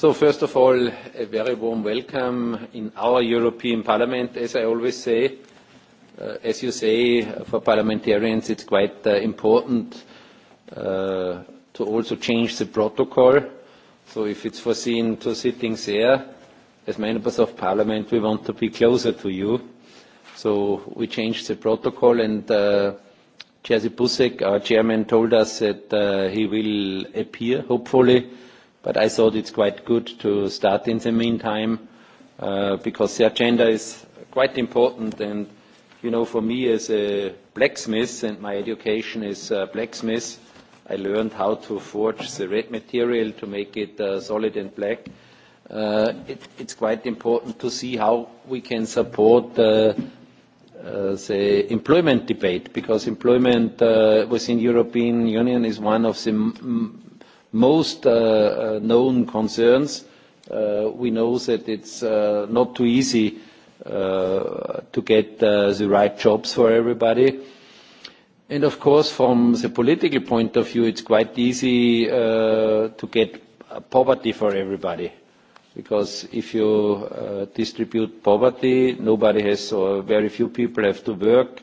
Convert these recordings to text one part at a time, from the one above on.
First of all, a very warm welcome in our European Parliament, as I always say. Uh, as you say, for parliamentarians, it's quite uh, important uh, to also change the protocol. If it's foreseen two sittings there, as members of parliament, we want to be closer to you. We changed the protocol, and Jerzy Buzek, our chairman, told us that he will appear, hopefully, but I thought it's quite good to start in the meantime uh, because the agenda is quite important and you know for me as a blacksmith and my education is uh, blacksmith I learned how to forge the red material to make it uh, solid and black uh, it, it's quite important to see how we can support uh, uh, the employment debate because employment uh, within European Union is one of the m most uh, uh, known concerns. Uh, we know that it's uh, not too easy uh, to get uh, the right jobs for everybody. And of course, from the political point of view, it's quite easy uh, to get poverty for everybody. Because if you uh, distribute poverty, nobody has or very few people have to work.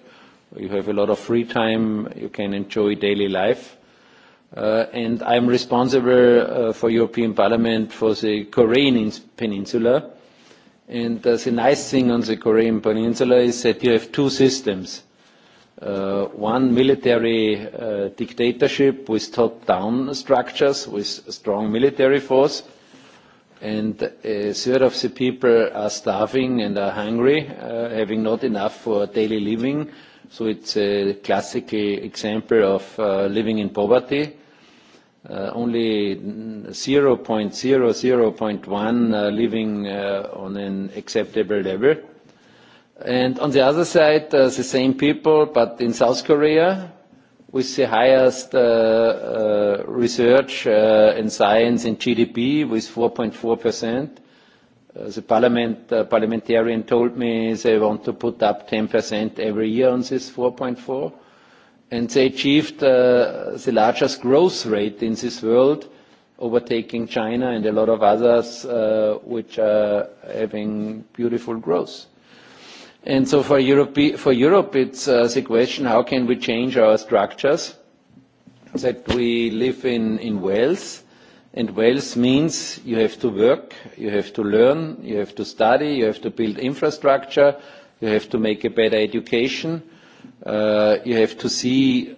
You have a lot of free time. You can enjoy daily life uh, and I'm responsible uh, for European Parliament for the Korean Peninsula. And uh, the nice thing on the Korean Peninsula is that you have two systems. Uh, one military uh, dictatorship with top-down structures, with a strong military force, and a uh, third of the people are starving and are hungry, uh, having not enough for daily living, uh, so it's a classic e-, example of uh, living in poverty. Uh, only 0.00.1 uh, living uh, on an acceptable level. And on the other side, uh, the same people, but in South Korea, with the highest uh, uh, research uh, and science in GDP, with 4.4 percent, Uh, the parliament, uh, parliamentarian told me they want to put up 10% every year on this 4.4, and they achieved uh, the largest growth rate in this world, overtaking China and a lot of others uh, which are having beautiful growth. And so for Europe, for Europe it's uh, the question, how can we change our structures that we live in, in wealth? and wealth means you have to work, you have to learn, you have to study, you have to build infrastructure, you have to make a better education, uh, you have to see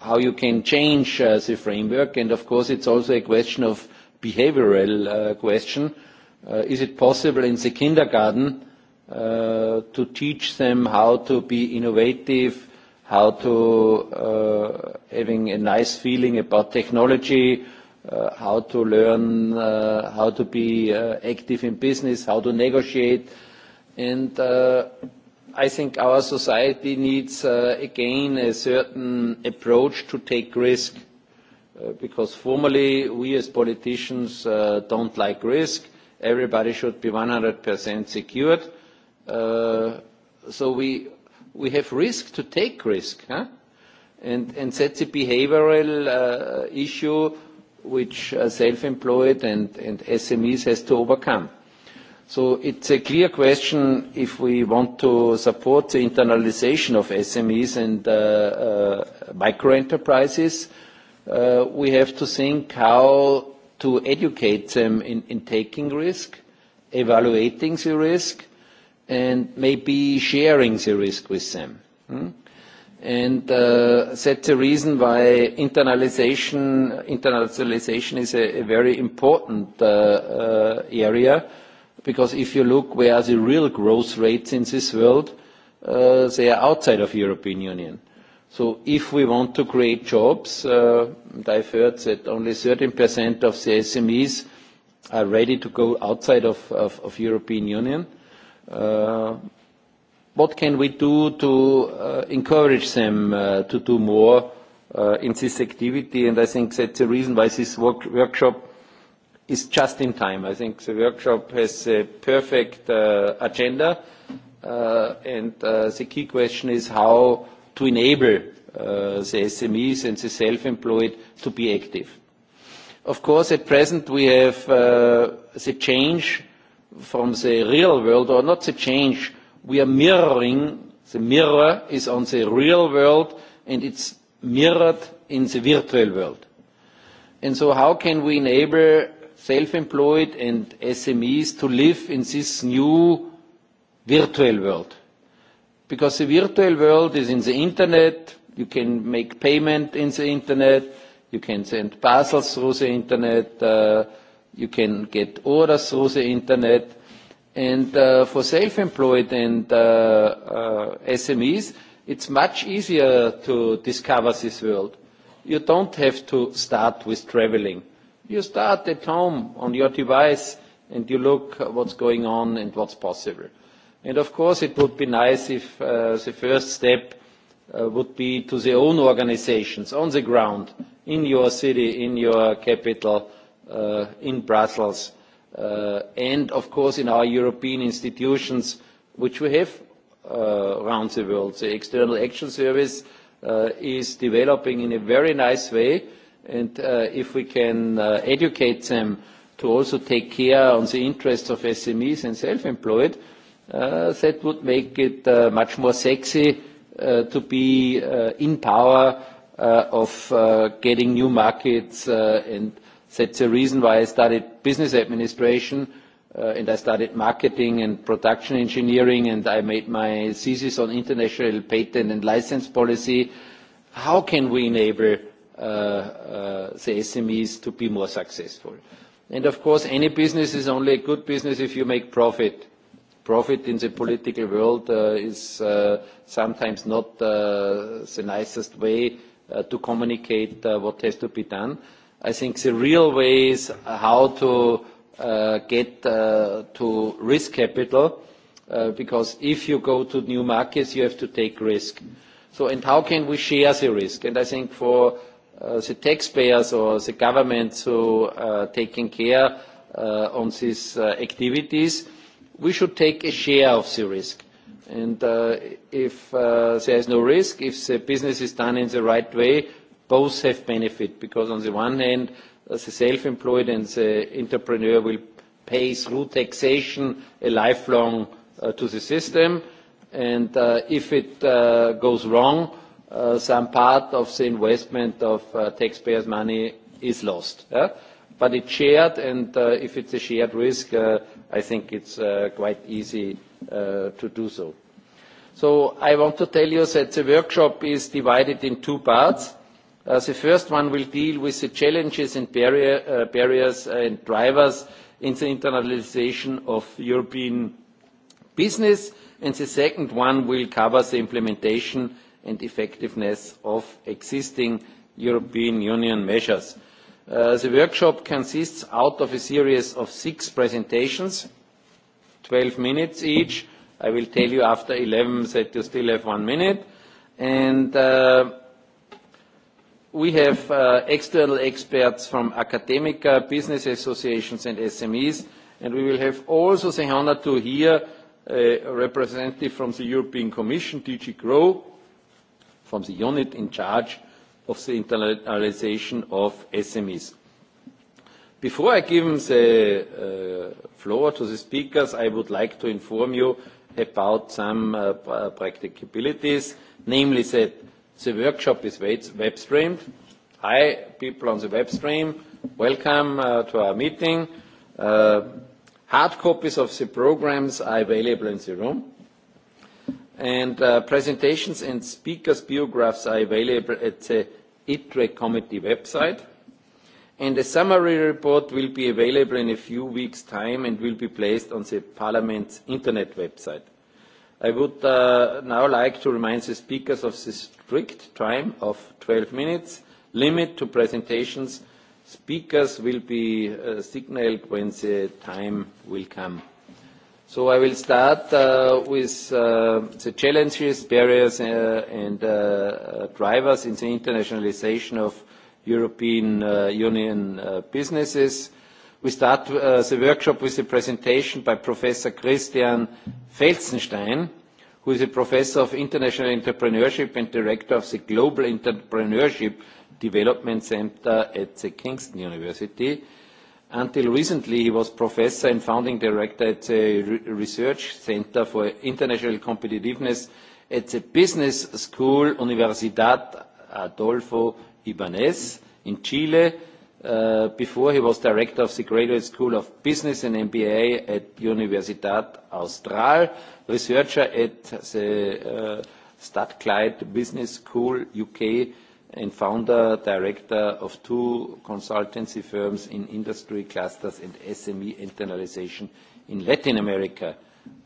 how you can change uh, the framework, and of course it's also a question of behavioral uh, question. Uh, is it possible in the kindergarten uh, to teach them how to be innovative, how to uh, having a nice feeling about technology, uh, uh, how to learn uh, how to be uh, active in business, how to negotiate. And uh, I think our society needs uh, again a certain approach to take risk. Uh, because formally, we as politicians uh, don't like risk. Everybody should be 100% secured. Uh, so we, we have risk to take risk. Huh? And, and that's a behavioral uh, issue which uh, self-employed and SMEs has to overcome. It's a clear question if we want to support the internalization of SMEs and uh, uh, micro enterprises, we have to think how to educate them in taking risk, evaluating the risk, and maybe sharing the risk with them. Hmm? And uh, that's the reason why internalization, internationalization is a, a very important uh, uh, area, because if you look where are the real growth rates in this world, uh, they are outside of the European Union. So if we want to create jobs, uh, and I've heard that only 13% of the SMEs are ready to go outside of the of, of European Union, uh, what can we do to uh, encourage them uh, to do more uh, in this activity? And I think that's the reason why this work workshop is just in time. I think the workshop has a perfect uh, agenda. Uh, and uh, the key question is how to enable uh, the SMEs and the self-employed to be active. Of course, at present, we have uh, the change from the real world, or not the change, we are mirroring. The mirror is on the real world, and it's mirrored in the virtual world. How can we enable self-employed and SMEs to live in this new virtual world? Because the virtual world is in the internet. You can make payment in the internet. You can send parcels through the internet. Uh, you can get orders through the internet. Uh, for self-employed and uh, uh, SMEs, it's much easier to discover this world. You don't have to start with traveling. You start at home on your device, and you look what's going on and what's possible. Of course, it would be nice if the first step would be to their own organizations on the ground, in your city, in your capital, in Brussels, Uh, and of course in our european institutions which we have uh, around the world the external action service uh, is developing in a very nice way and if we can educate them to also take care of the interests of smes and self employed that would make it much more sexy to be in power of getting new markets That's the reason why I studied business administration, uh, and I studied marketing and production engineering, and I made my thesis on international patent and license policy. How can we enable the uh, uh, SMEs to be more successful? Of course, any business is only a good business if you make profit. Profit in the political world is sometimes not the nicest way to communicate what has to be done. I think the real ways how to uh, get uh, to risk capital, uh, because if you go to new markets, you have to take risk. And how can we share the risk? And I think for the taxpayers or the governments who are taking care on these activities, we should take a share of the risk. And if there is no risk, if the business is done in the right way, both have benefit because on the one hand, the self-employed and the entrepreneur will pay through taxation a lifelong uh, to the system. Uh, if it uh, goes wrong, some part of the investment of taxpayers' money is lost. It's shared, and if it's a shared risk, I think it's quite easy to do so. I want to tell you that the workshop is divided in two parts. Uh, the first one will deal with the challenges and uh, barriers and drivers in the internationalization of European business, and the second one will cover the implementation and effectiveness of existing European Union measures. Uh, the workshop consists out of a series of six presentations, 12 minutes each. I will tell you after 11 that you still have one minute. We have uh, external experts from academia, business associations, and SMEs, and we will have also the honor to hear a representative from the European Commission, DG GROW, from the unit in charge of the internationalization of SMEs. Before I give the uh, floor to the speakers, I would like to inform you about some uh, practicalities, namely that the workshop is web streamed. Hi, people on the web stream. Welcome uh, to our meeting. Uh, hard copies of the programs are available in the room. And uh, presentations and speakers' biographs are available at the ITRE committee website. And a summary report will be available in a few weeks' time and will be placed on the Parliament's internet website i would uh, now like to remind the speakers of the strict time of twelve minutes limit to presentations. speakers will be uh, signalled when the time will come. so i will start uh, with uh, the challenges, barriers uh, and uh, uh drivers in the internationalisation of european uh, union uh, businesses. We start uh, the workshop with a presentation by Professor Christian Felsenstein, who is a professor of international entrepreneurship and director of the Global Entrepreneurship Development Center at the Kingston University. Until recently, he was professor and founding director at the Re Research Center for International Competitiveness at the Business School Universidad Adolfo Ibanez in Chile. Mm -hmm uh, before he was director of the Graduate School of Business and MBA at Universitat Austral, researcher at the uh, Stadtkleid Business School UK, and founder director of two consultancy firms in industry clusters and SME internalization in Latin America.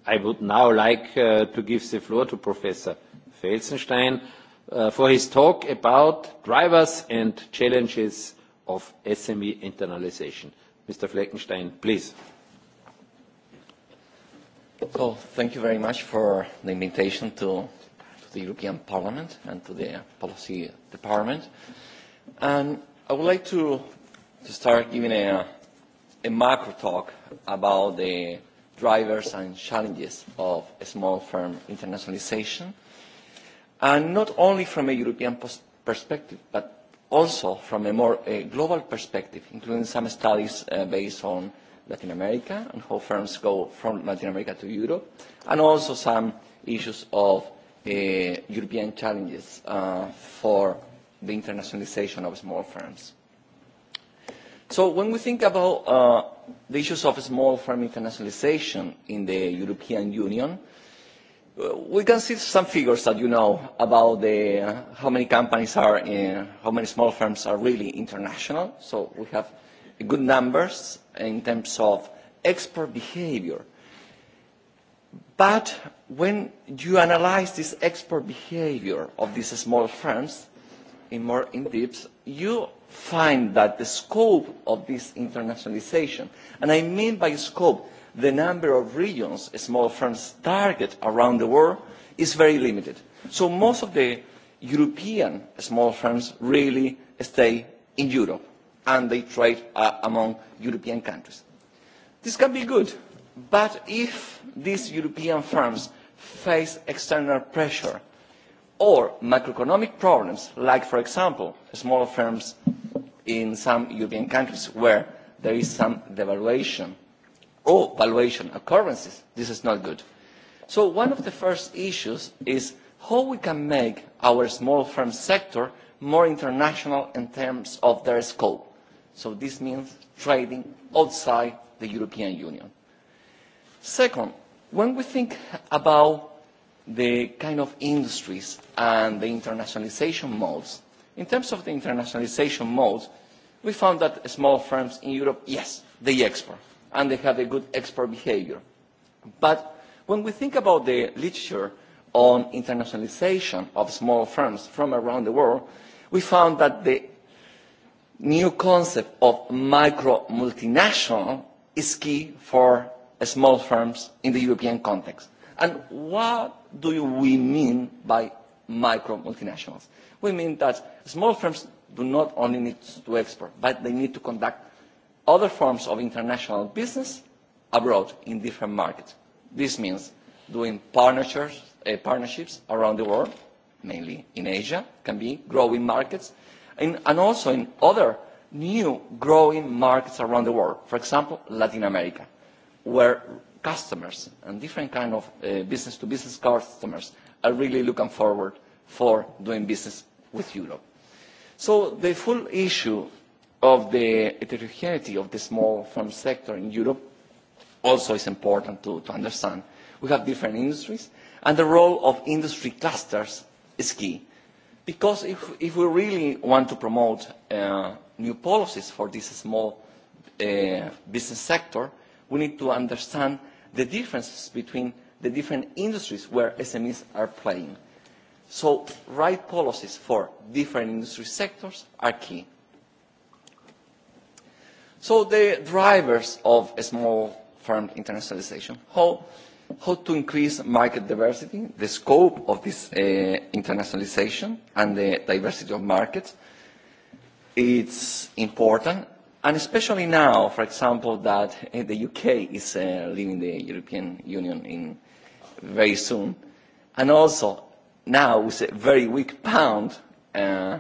I would now like uh, to give the floor to Professor Felsenstein uh, for his talk about drivers and challenges uh, of SME internalization. Mr. Fleckenstein, please. So thank you very much for the invitation to the European Parliament and to the Policy Department. And I would like to start giving a macro talk about the drivers and challenges of small firm internationalization, and not only from a European perspective, but also from a more uh, global perspective, including some studies uh, based on Latin America and how firms go from Latin America to Europe, and also some issues of uh, European challenges uh, for the internationalization of small firms. So when we think about uh, the issues of small firm internationalization in the European Union, uh, Uh, we can see some figures that you know about the, uh, how many companies are in, uh, how many small firms are really international. So we have good numbers in terms of expert behavior. But when you analyze this expert behavior of these small firms in more in depth, you find that the scope of this internationalization, and I mean by scope, the number of regions small firms target around the world is very limited. So most of the European small firms really stay in Europe and they trade uh, among European countries. This can be good, but if these European firms face external pressure or macroeconomic problems, like for example, small firms in some European countries where there is some devaluation or valuation of currencies. This is not good. So one of the first issues is how we can make our small firm sector more international in terms of their scope. So this means trading outside the European Union. Second, when we think about the kind of industries and the internationalization modes, in terms of the internationalization modes, we found that small firms in Europe, yes, they export and they have a good export behaviour. But when we think about the literature on internationalisation of small firms from around the world, we found that the new concept of micro-multinational is key for small firms in the European context. And what do we mean by micro-multinationals? We mean that small firms do not only need to export, but they need to conduct other forms of international business abroad in different markets. This means doing partnerships, uh, partnerships around the world, mainly in Asia, can be growing markets, and, and also in other new growing markets around the world, for example, Latin America, where customers and different kind of business-to-business eh, uh, -business customers are really looking forward for doing business with Europe. So the full issue of the heterogeneity of the small farm sector in Europe also is important to, to understand. We have different industries, and the role of industry clusters is key. Because if, if we really want to promote uh, new policies for this small uh, business sector, we need to understand the differences between the different industries where SMEs are playing. So right policies for different industry sectors are key. So the drivers of a small firm internationalization, how, how to increase market diversity, the scope of this uh, internationalization and the diversity of markets, it's important. And especially now, for example, that uh, the UK is uh, leaving the European Union in very soon. And also now with a very weak pound, uh,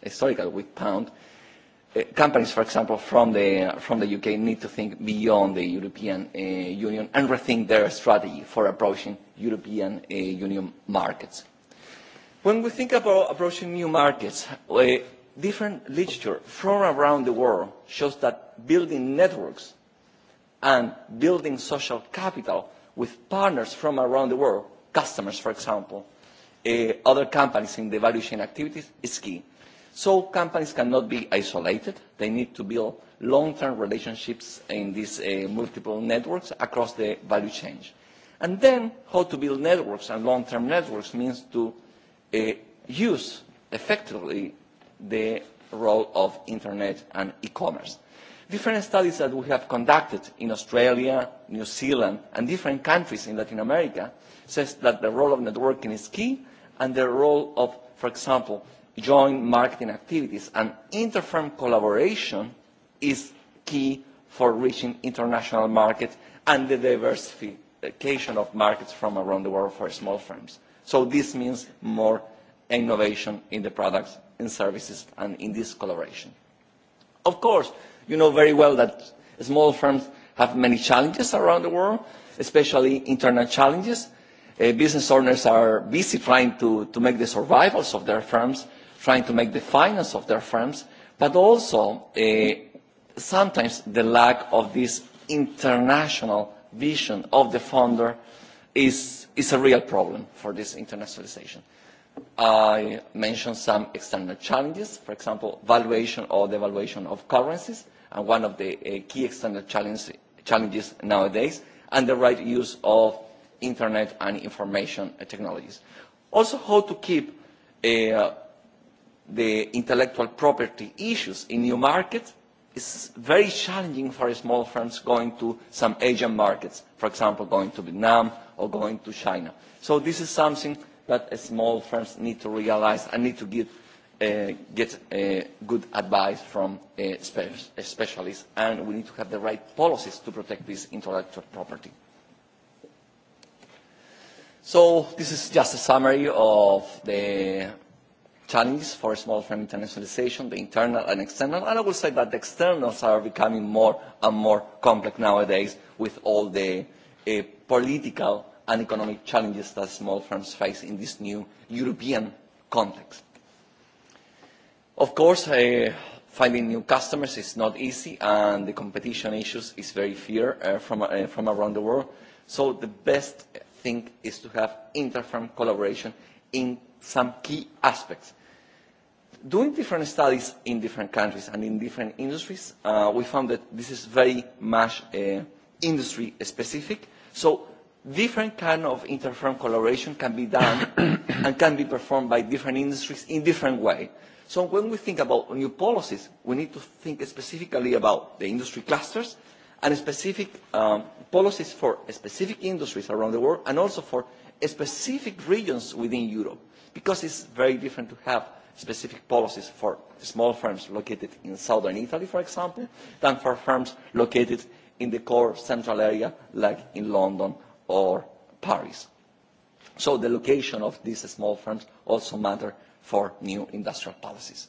historical weak pound, uh, Uh, companies, for example, from the, from the UK need to think beyond the European uh, Union and rethink their strategy for approaching European uh, Union markets. When we think about approaching new markets, uh, different literature from around the world shows that building networks and building social capital with partners from around the world, customers, for example, uh, other companies in the value chain activities, is key. Companies cannot be isolated. They need to build long-term relationships in these uh, multiple networks across the value chain. Then how to build networks and long-term networks means to uh, use effectively the role of internet and e-commerce. Different studies that we have conducted in Australia, New Zealand, and different countries in Latin America says that the role of networking is key, and the role of, for example, joint marketing activities and interfirm collaboration is key for reaching international markets and the diversification of markets from around the world for small firms. So this means more innovation in the products and services and in this collaboration. Of course, you know very well that small firms have many challenges around the world, especially internal challenges. Uh, business owners are busy trying to, to make the survivals of their firms trying to make the finance of their firms, but also uh, sometimes the lack of this international vision of the founder is, is a real problem for this internationalization. I mentioned some external challenges, for example, valuation or devaluation of currencies, and one of the uh, key external challenges, challenges nowadays, and the right use of internet and information technologies. Also, how to keep uh, the intellectual property issues in new markets is very challenging for small firms going to some Asian markets, for example, going to Vietnam or going to China. So this is something that small firms need to realize and need to give, uh, get uh, good advice from uh, uh, specialists. And we need to have the right policies to protect this intellectual property. So this is just a summary of the challenges for small firm internationalization, the internal and external. And I would say that the externals are becoming more and more complex nowadays with all the uh, political and economic challenges that small firms face in this new European context. Of course, uh, finding new customers is not easy, and the competition issues is very fierce uh, from, uh, from around the world. So the best thing is to have inter-firm collaboration in some key aspects. Doing different studies in different countries and in different industries, uh, we found that this is very much uh, industry specific. So different kind of interfirm collaboration can be done and can be performed by different industries in different way. So when we think about new policies, we need to think specifically about the industry clusters and specific um, policies for specific industries around the world and also for specific regions within Europe because it is very different to have specific policies for small firms located in southern Italy, for example, than for firms located in the core central area, like in London or Paris. So the location of these small firms also matter for new industrial policies.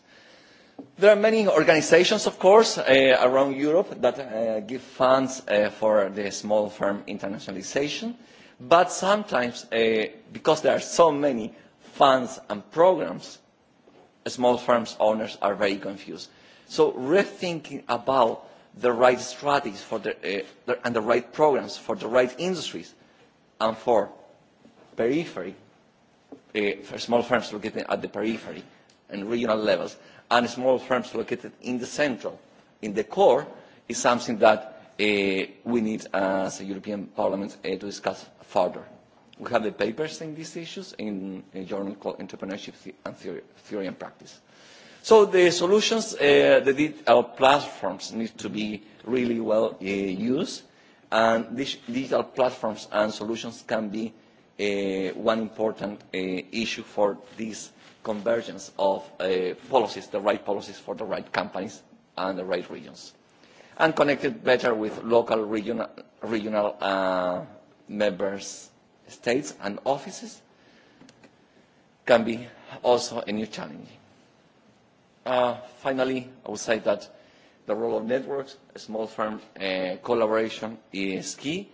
There are many organizations, of course, uh, around Europe that uh, give funds uh, for the small firm internationalization. But sometimes, uh, because there are so many funds and programmes small farms owners are very confused. so rethinking about the right strategies for the, uh, and the right programmes for the right industries and for periphery uh, for small firms located at the periphery and regional levels and small firms located in the central in the core is something that uh, we need as a European Parliament uh, to discuss further. We have the papers in these issues in a journal called Entrepreneurship and Theory, Theory and Practice. So the solutions, uh, the digital platforms need to be really well uh, used. And these digital platforms and solutions can be uh, one important uh, issue for this convergence of uh, policies, the right policies for the right companies and the right regions. And connected better with local, regional, regional uh, members' states and offices can be also a new challenge. Uh, finally, I would say that the role of networks, small firm uh, collaboration is key.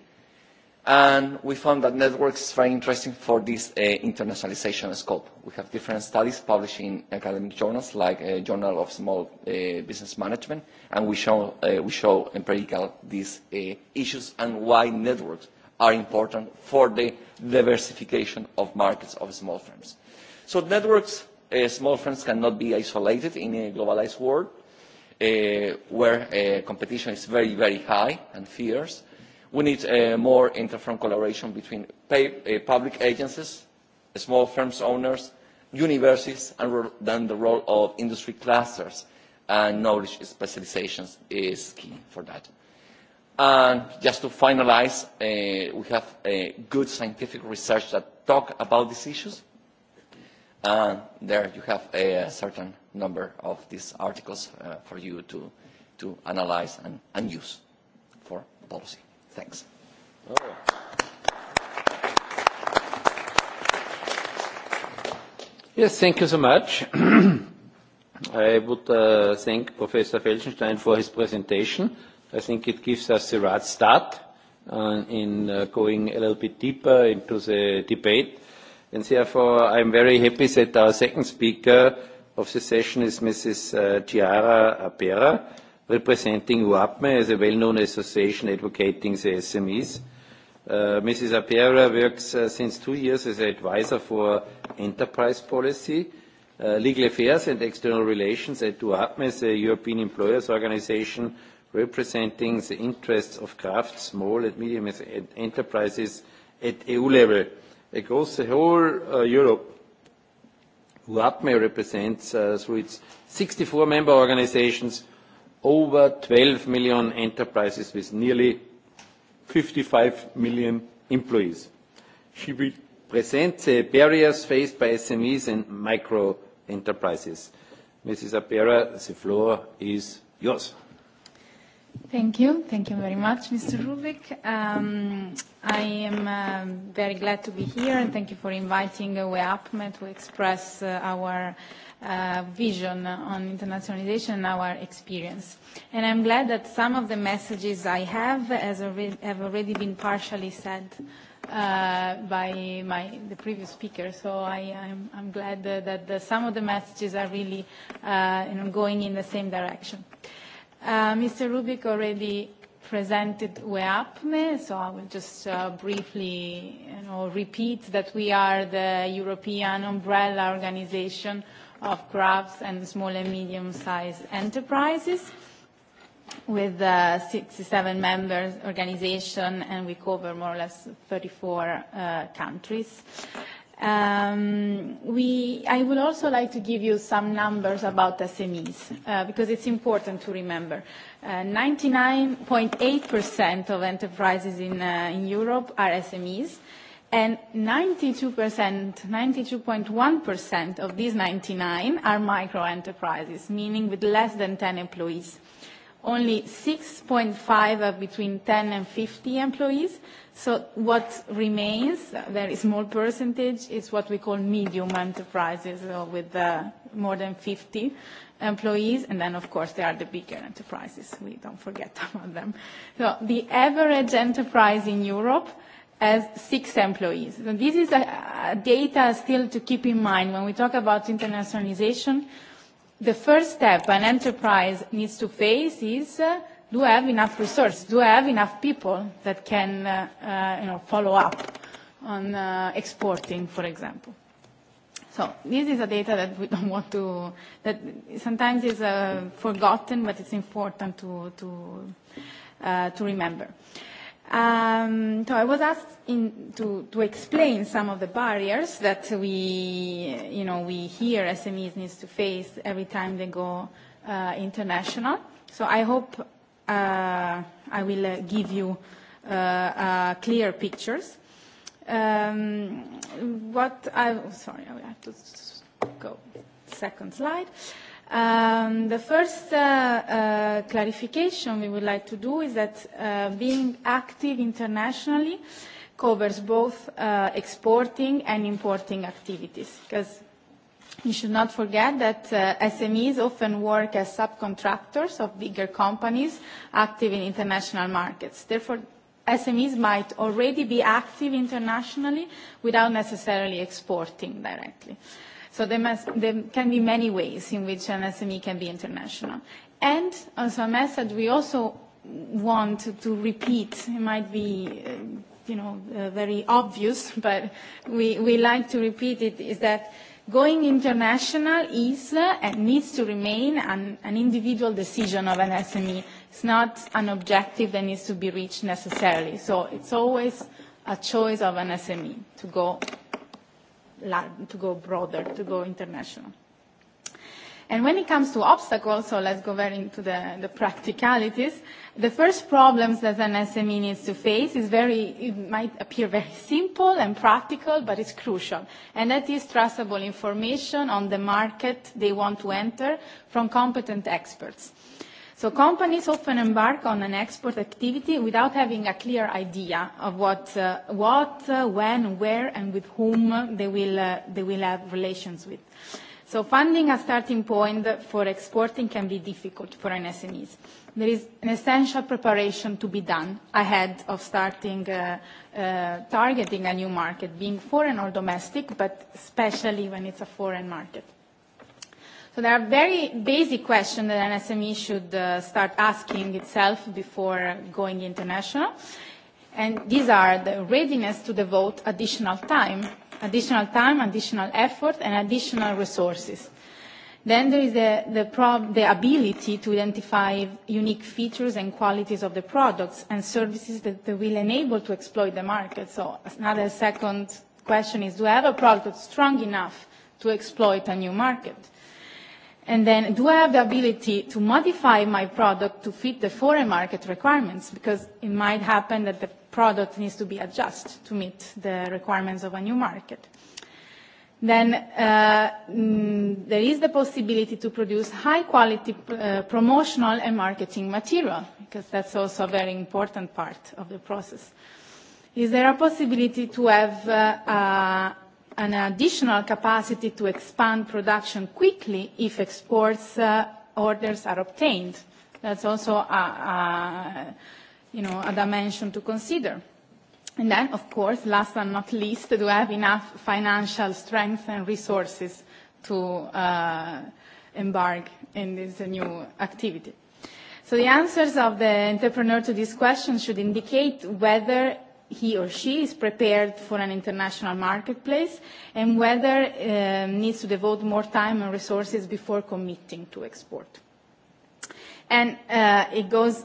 And we found that networks are very interesting for this uh, internationalization scope. We have different studies published in academic journals like uh, Journal of Small uh, Business Management, and we show, uh, we show empirical these uh, issues and why networks are important for the diversification of markets of small firms. so networks uh, small firms cannot be isolated in a globalised world uh, where uh, competition is very very high and fierce. we need more inter firm collaboration between public agencies small firms owners universities and then the role of industry clusters and knowledge specialisations is key for that. Just to finalize, uh, we have uh, good scientific research that talk about these issues. Uh, there you have a, a certain number of these articles uh, for you to, to analyze and, and use for policy. Thanks. Oh. Yes, thank you so much. I would uh, thank Professor Felsenstein for his presentation. I think it gives us the right start uh, in uh, going a little bit deeper into the debate. And therefore, I'm very happy that our second speaker of the session is Mrs. Uh, Chiara Apera, representing UAPME as a well-known association advocating the SMEs. Uh, Mrs. Apera works uh, since two years as an advisor for enterprise policy, uh, legal affairs and external relations at UAPME, the European Employers Organization, representing the interests of craft, small and medium enterprises at EU level. Across the whole uh, Europe, UAPME represents, uh, through its 64 member organizations, over 12 million enterprises with nearly 55 million employees. She will present the barriers faced by SMEs and micro enterprises. Mrs. Apera, the floor is yours. Thank you. Thank you very much, Mr. Rubik. Um, I am uh, very glad to be here, and thank you for inviting uh, WEAPME to express uh, our uh, vision on internationalization and our experience. And I'm glad that some of the messages I have as re- have already been partially said uh, by my, the previous speaker. So I, I'm, I'm glad uh, that the, some of the messages are really uh, you know, going in the same direction. Uh, Mr. Rubik already presented UEAPME, so I will just uh, briefly, you know, repeat that we are the European umbrella organization of GRAFs and small and medium-sized enterprises with 67 uh, members organization, and we cover more or less 34 countries. Um, we, I would also like to give you some numbers about SMEs, uh, because it's important to remember. 99.8% uh, of enterprises in, uh, in Europe are SMEs, and 92%, 92.1% of these 99 are micro-enterprises, meaning with less than 10 employees. Only 6.5 are between 10 and 50 employees, What remains, a very small percentage, is what we call medium enterprises, with more than 50 employees. Then, of course, there are the bigger enterprises. We don't forget about them. The average enterprise in Europe has six employees. This is data still to keep in mind when we talk about internationalization. The first step an enterprise needs to face is uh, do I have enough resources? Do I have enough people that can uh, uh, you know, follow up on uh, exporting, for example? So this is a data that we don't want to, that sometimes is uh, forgotten, but it's important to, to, uh, to remember. Um, so I was asked in, to, to explain some of the barriers that we, you know, we hear SMEs needs to face every time they go uh, international. So I hope uh, I will uh, give you uh, uh, clear pictures. Um, what I, sorry, I have to go second slide. Um, the first uh, uh, clarification we would like to do is that uh, being active internationally covers both uh, exporting and importing activities because We should not forget that uh, SMEs often work as subcontractors of bigger companies active in international markets. Therefore, SMEs might already be active internationally without necessarily exporting directly. There can be many ways in which an SME can be international. As a message, we also want to repeat, it might be uh, uh, very obvious, but we like to repeat it, is that Going international is uh, and needs to remain an, an individual decision of an SME. It's not an objective that needs to be reached necessarily. So it's always a choice of an SME to go, to go broader, to go international. And when it comes to obstacles, so let's go very into the, the practicalities, the first problems that an SME needs to face is very, it might appear very simple and practical, but it's crucial. And that is trustable information on the market they want to enter from competent experts. So companies often embark on an export activity without having a clear idea of what, uh, what uh, when, where, and with whom they will, uh, they will have relations with. Uh, Funding a starting point for exporting can be difficult for an SMEs. There is an essential preparation to be done ahead of starting uh, uh, targeting a new market, being foreign or domestic, but especially when it's a foreign market. So there are very basic questions that an SME should uh, start asking itself before going international. And these are the readiness to devote additional time additional time, additional effort, and additional resources. Then there is the, the, prob- the ability to identify unique features and qualities of the products and services that they will enable to exploit the market. So another second question is, do I have a product that's strong enough to exploit a new market? And then do I have the ability to modify my product to fit the foreign market requirements? Because it might happen that the product needs to be adjusted to meet the requirements of a new market. Then uh, mm, there is the possibility to produce high quality p- uh, promotional and marketing material, because that's also a very important part of the process. Is there a possibility to have uh, uh, an additional capacity to expand production quickly if exports uh, orders are obtained. That's also a dimension to consider. Of course, last but not least, do I have enough financial strength and resources to uh, embark in this new activity? The answers of the entrepreneur to this question should indicate whether he or she is prepared for an international marketplace and whether it um, uh, needs to devote more time and resources before committing to export. And uh, it goes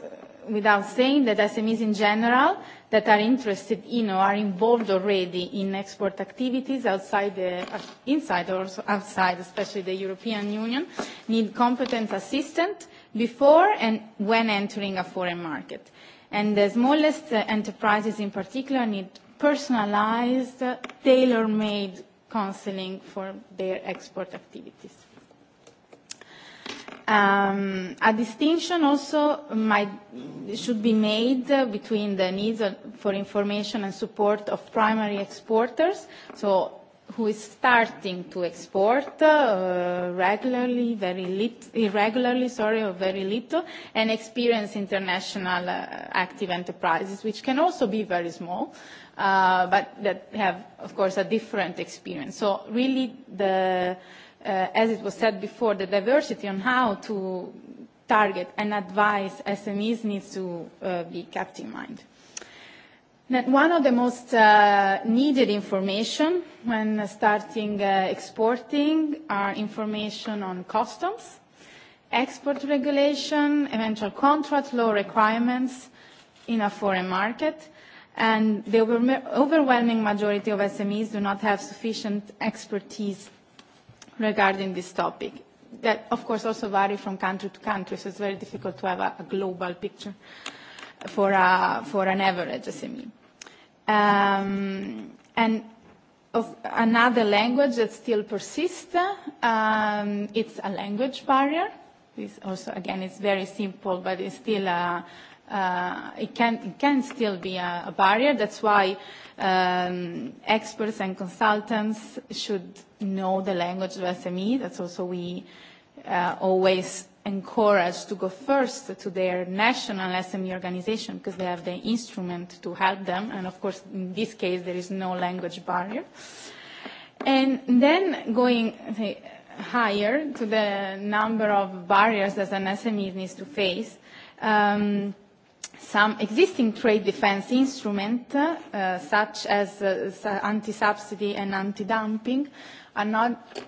without saying that SMEs in general that are interested in or are involved already in export activities outside the, uh, inside or outside, especially the European Union, need competent assistance before and when entering a foreign market. And the smallest enterprises in particular need personalized, tailor-made counseling for their export activities. Um, a distinction also might, should be made between the needs of, for information and support of primary exporters. So who is starting to export uh, regularly, very irregularly, sorry, or very little, and experience international uh, active enterprises, which can also be very small, uh, but that have, of course, a different experience. So really, as it was said before, the diversity on how to target and advise SMEs needs to be kept in mind. That one of the most uh, needed information when starting uh, exporting are information on customs, export regulation, eventual contract law requirements in a foreign market, and the over overwhelming majority of SMEs do not have sufficient expertise regarding this topic. That, of course, also vary from country to country, so it's very difficult to have a, a global picture. Uh, for a for an average SME. Um, and of another language that still persists, um, it's a language barrier. This also, again, it's very simple, but it's still a, uh, it, can, it can still be a, a barrier. That's why um, experts and consultants should know the language of SME. That's also we uh, always encouraged to go first to their national SME organization because they have the instrument to help them. And of course, in this case, there is no language barrier. And then going say, higher to the number of barriers that an SME needs to face, um, some existing trade defense instruments, uh, such as uh, anti-subsidy and anti-dumping, are not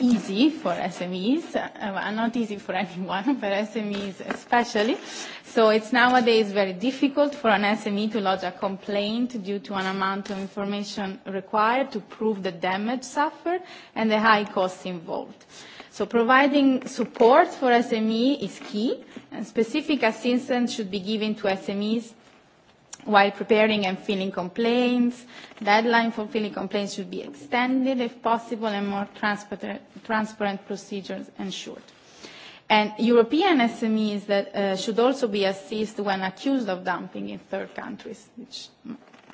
easy for SMEs, uh, not easy for anyone, but SMEs especially. So it's nowadays very difficult for an SME to lodge a complaint due to an amount of information required to prove the damage suffered and the high costs involved. So providing support for SME is key, and specific assistance should be given to SMEs while preparing and filing complaints. Deadline for filing complaints should be extended if possible and more transparent procedures ensured. And European SMEs that uh, should also be assessed when accused of dumping in third countries, which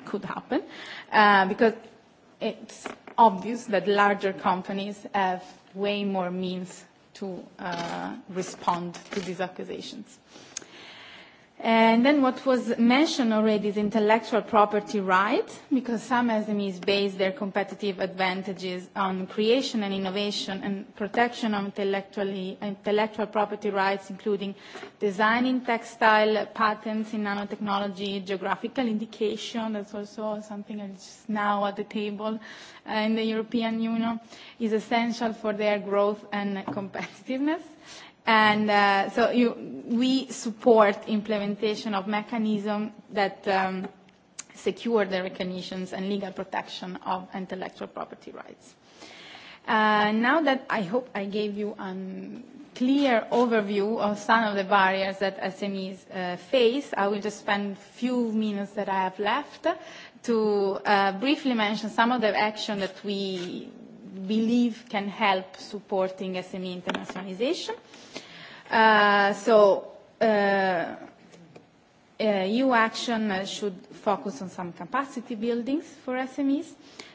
could happen, uh, because it's obvious that larger companies have way more means to uh, respond to these accusations. Uh, And then what was mentioned already is intellectual property right, because some SMEs base their competitive advantages on creation and innovation and protection of intellectually, intellectual property rights, including designing textile patents in nanotechnology, geographical indication, that's also something that's now at the table uh, in the European Union, is essential for their growth and competitiveness. And uh, so you, we support implementation of mechanisms that um, secure the recognitions and legal protection of intellectual property rights. Uh, now that I hope I gave you a clear overview of some of the barriers that SMEs uh, face, I will just spend a few minutes that I have left to uh, briefly mention some of the action that we believe can help supporting SME internationalization. Uh, so uh, uh, EU action uh, should focus on some capacity buildings for SMEs,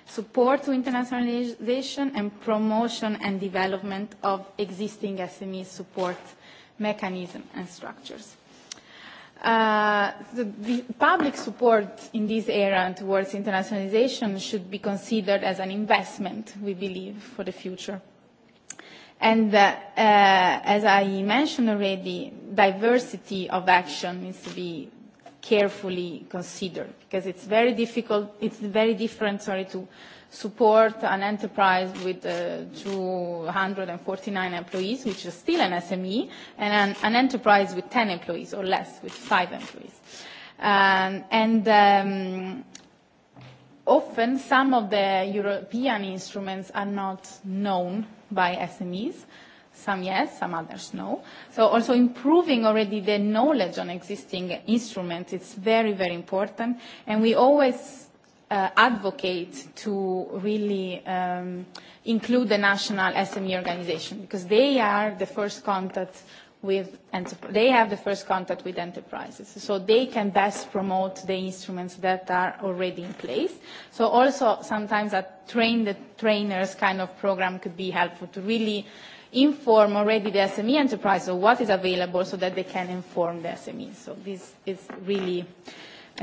support to internationalization and promotion and development of existing SME support mechanism and structures. Uh, the, the public support in this era towards internationalization should be considered as an investment, we believe, for the future. And uh, uh, as I mentioned already, diversity of action needs to be carefully considered because it's very difficult, it's very different, sorry, to support an enterprise with 249 uh, employees, which is still an SME, and an enterprise with 10 employees or less, with five employees. Um, and um, often, some of the European instruments are not known by SMEs. Some, yes, some others, no. So also improving already the knowledge on existing instruments, it's very, very important, and we always uh, advocate to really um, include the national SME organization because they are the first contact with they have the first contact with enterprises so they can best promote the instruments that are already in place so also sometimes a train the trainers kind of program could be helpful to really inform already the SME enterprise of what is available so that they can inform the SME so this is really uh,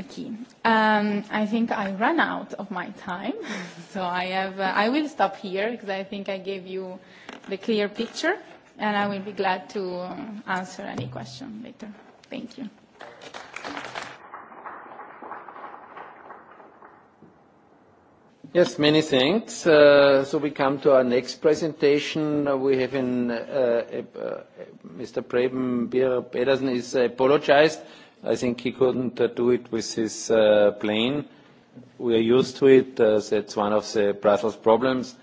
key. Um, I think I ran out of my time, so I have. Uh, I will stop here because I think I gave you the clear picture, and I will be glad to answer any question later. Thank you. Yes, many thanks. Uh, so we come to our next presentation. Uh, we have in uh, uh, uh, Mr. Preben Bier Pedersen is apologized. I think he couldn't uh, do it with his uh, plane. We are used to it. Uh, that's one of the Brussels problems.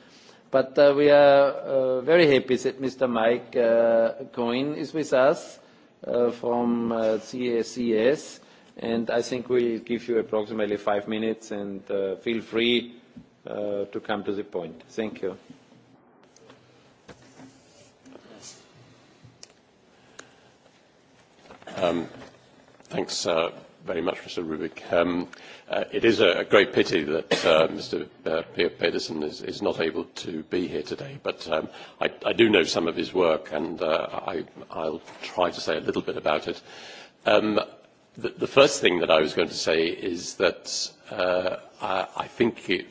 But uh, we are uh, very happy that Mr. Mike uh, Cohen is with us uh, from uh, CSES. E and I think we'll give you approximately five minutes and uh, feel free uh, to come to the point. Thank you. Um, Thanks uh, very much, Mr. Rubik. Um, uh, it is a, a great pity that uh, Mr. Uh, Peter Pedersen is, is not able to be here today, but um, I, I do know some of his work, and uh, I, I'll try to say a little bit about it. Um, the, the first thing that I was going to say is that uh, I, I think it,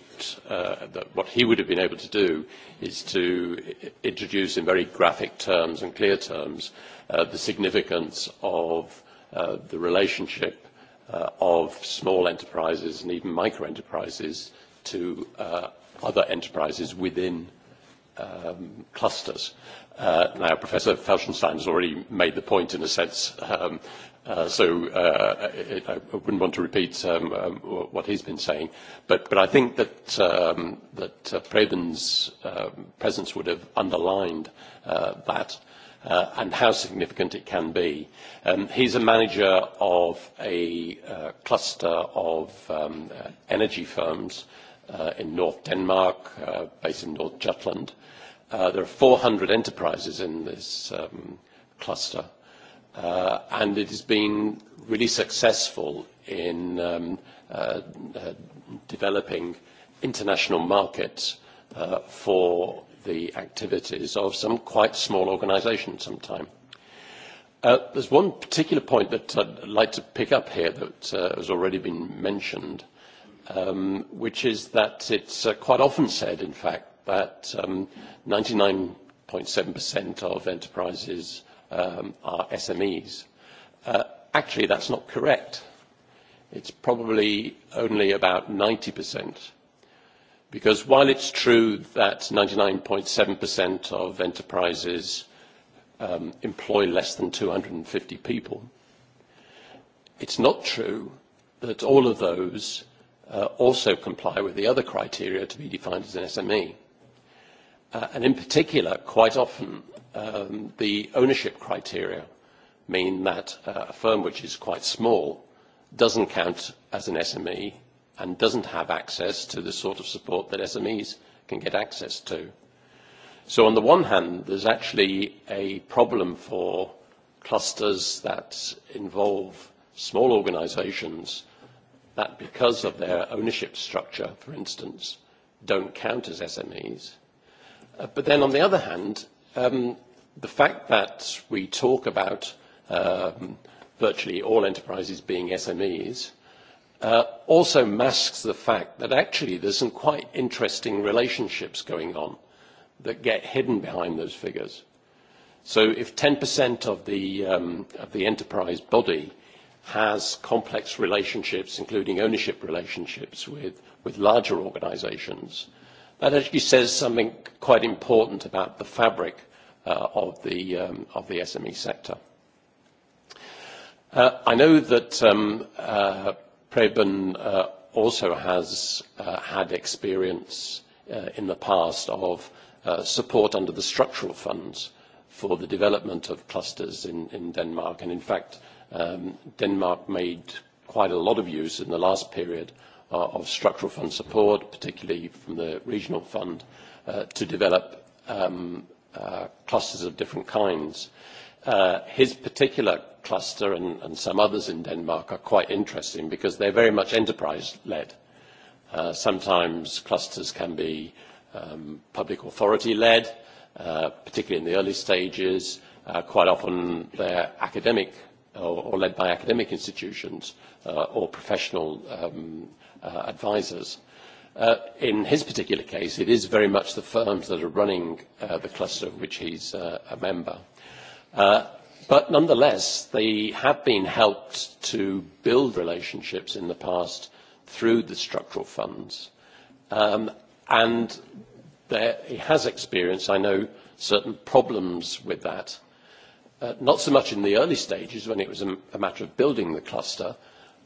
uh, that what he would have been able to do is to introduce in very graphic terms and clear terms uh, the significance of uh, Uh, the relationship uh, of small enterprises and even micro enterprises to uh, other enterprises within um, clusters. Uh, now, Professor Felsenstein has already made the point in a sense, um, uh, so uh, it, I wouldn't want to repeat um, um, what he's been saying, but, but I think that, um, that uh, Preben's uh, presence would have underlined uh, that uh, uh, and how significant it can be. Um, he's a manager of a uh, cluster of um, uh, energy firms uh, in North Denmark, uh, based in North Jutland. Uh, there are 400 enterprises in this um, cluster, uh, and it has been really successful in um, uh, uh, developing international markets uh, for the activities of some quite small organisations sometime. Uh, there's one particular point that I'd like to pick up here that uh, has already been mentioned, um, which is that it's uh, quite often said, in fact, that 99.7% um, of enterprises um, are SMEs. Uh, actually, that's not correct. It's probably only about 90%. Because while it's true that 99.7% of enterprises um, employ less than 250 people, it's not true that all of those uh, also comply with the other criteria to be defined as an SME. Uh, and in particular, quite often, um, the ownership criteria mean that uh, a firm which is quite small doesn't count as an SME, and doesn't have access to the sort of support that SMEs can get access to. So on the one hand, there's actually a problem for clusters that involve small organizations that because of their ownership structure, for instance, don't count as SMEs. Uh, but then on the other hand, um, the fact that we talk about um, virtually all enterprises being SMEs uh, uh, also masks the fact that actually there's some quite interesting relationships going on that get hidden behind those figures. So if 10% of the, um, of the enterprise body has complex relationships, including ownership relationships with, with larger organizations, that actually says something quite important about the fabric uh, of, the, um, of the SME sector. Uh, I know that um, uh, Preben uh, also has uh, had experience uh, in the past of uh, support under the structural funds for the development of clusters in, in Denmark. And in fact, um, Denmark made quite a lot of use in the last period uh, of structural fund support, particularly from the regional fund, uh, to develop um, uh, clusters of different kinds. Uh, Uh, his particular cluster and, and some others in Denmark are quite interesting because they're very much enterprise-led. Uh, sometimes clusters can be um, public authority-led, uh, particularly in the early stages. Uh, quite often they're academic or, or led by academic institutions uh, or professional um, uh, advisors. Uh, in his particular case, it is very much the firms that are running uh, the cluster of which he's uh, a member. Uh, Uh, but nonetheless they have been helped to build relationships in the past through the structural funds um, and there he has experienced i know certain problems with that uh, not so much in the early stages when it was a, a matter of building the cluster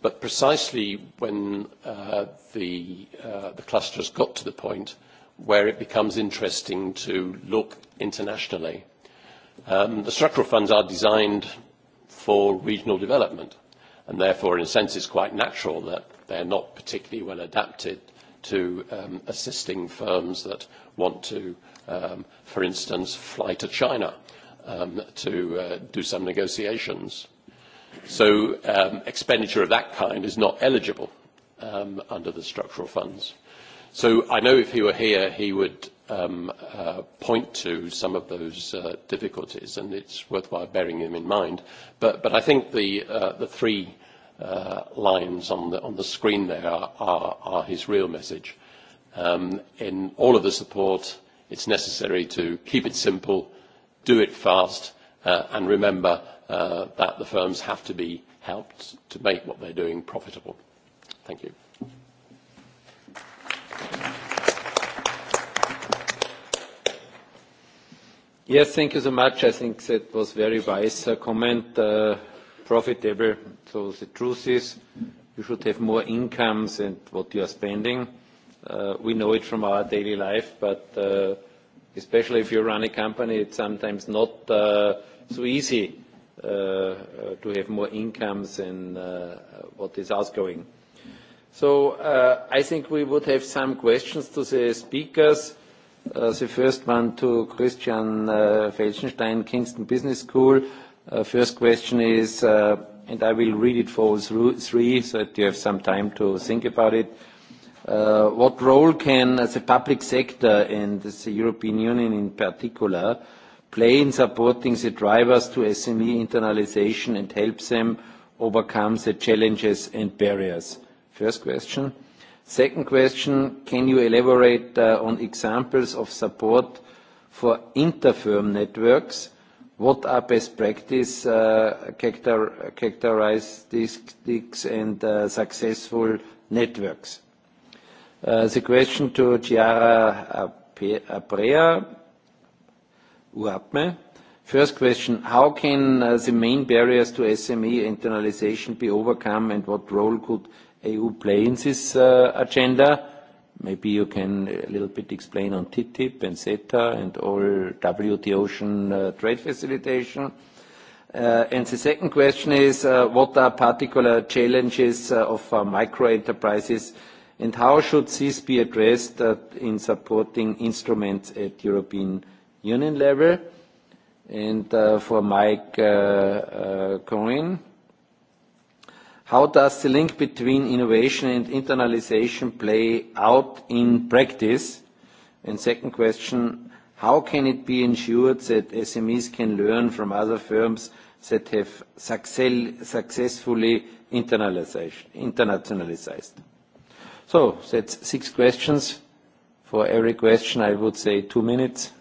but precisely when uh, the, uh, the cluster has got to the point where it becomes interesting to look internationally. Uh, Um, the structural funds are designed for regional development, and therefore, in a sense, it's quite natural that they're not particularly well adapted to um, assisting firms that want to, um, for instance, fly to China um, to uh, do some negotiations. So um, expenditure of that kind is not eligible um, under the structural funds. So I know if he were here, he would um, uh, point to some of those uh, difficulties, and it's worthwhile bearing them in mind. But, but I think the, uh, the three uh, lines on the, on the screen there are, are his real message. Um, in all of the support, it's necessary to keep it simple, do it fast, uh, and remember uh, that the firms have to be helped to make what they're doing profitable. Thank you. Yes, thank you so much. I think that was very wise uh, comment. Uh, profitable. So the truth is, you should have more incomes than what you are spending. Uh, we know it from our daily life, but especially if you run a company, it's sometimes not so easy to have more incomes than what is outgoing. So I think we would have some questions to the speakers the äh, first one to Christian äh, Felsenstein, Kingston Business School. Äh, first question is, and I will read it for three so that you have some time to think about it. What role can the public sector and the European Union in particular play in supporting the drivers to SME internalization and help them overcome the challenges and barriers? First question. Second question, can you elaborate uh, on examples of support for inter-firm networks? What are best practice uh, characteristics and uh, successful networks? The question to Chiara Aprea, UAPME. First question, how can the main barriers to SME internalization be overcome, and what role could EU play in this uh, agenda? Maybe you can a uh, little bit explain on TTIP and CETA and all WTO ocean uh, trade facilitation. Uh, and the second question is, uh, what are particular challenges uh, of uh, micro-enterprises and how should this be addressed uh, in supporting instruments at European Union level? And uh, for Mike uh, uh, Cohen, uh, How does the link between innovation and internalization play out in practice? And second question, how can it be ensured that SMEs can learn from other firms that have successfully internationalized? So that's six questions. For every question, I would say two minutes,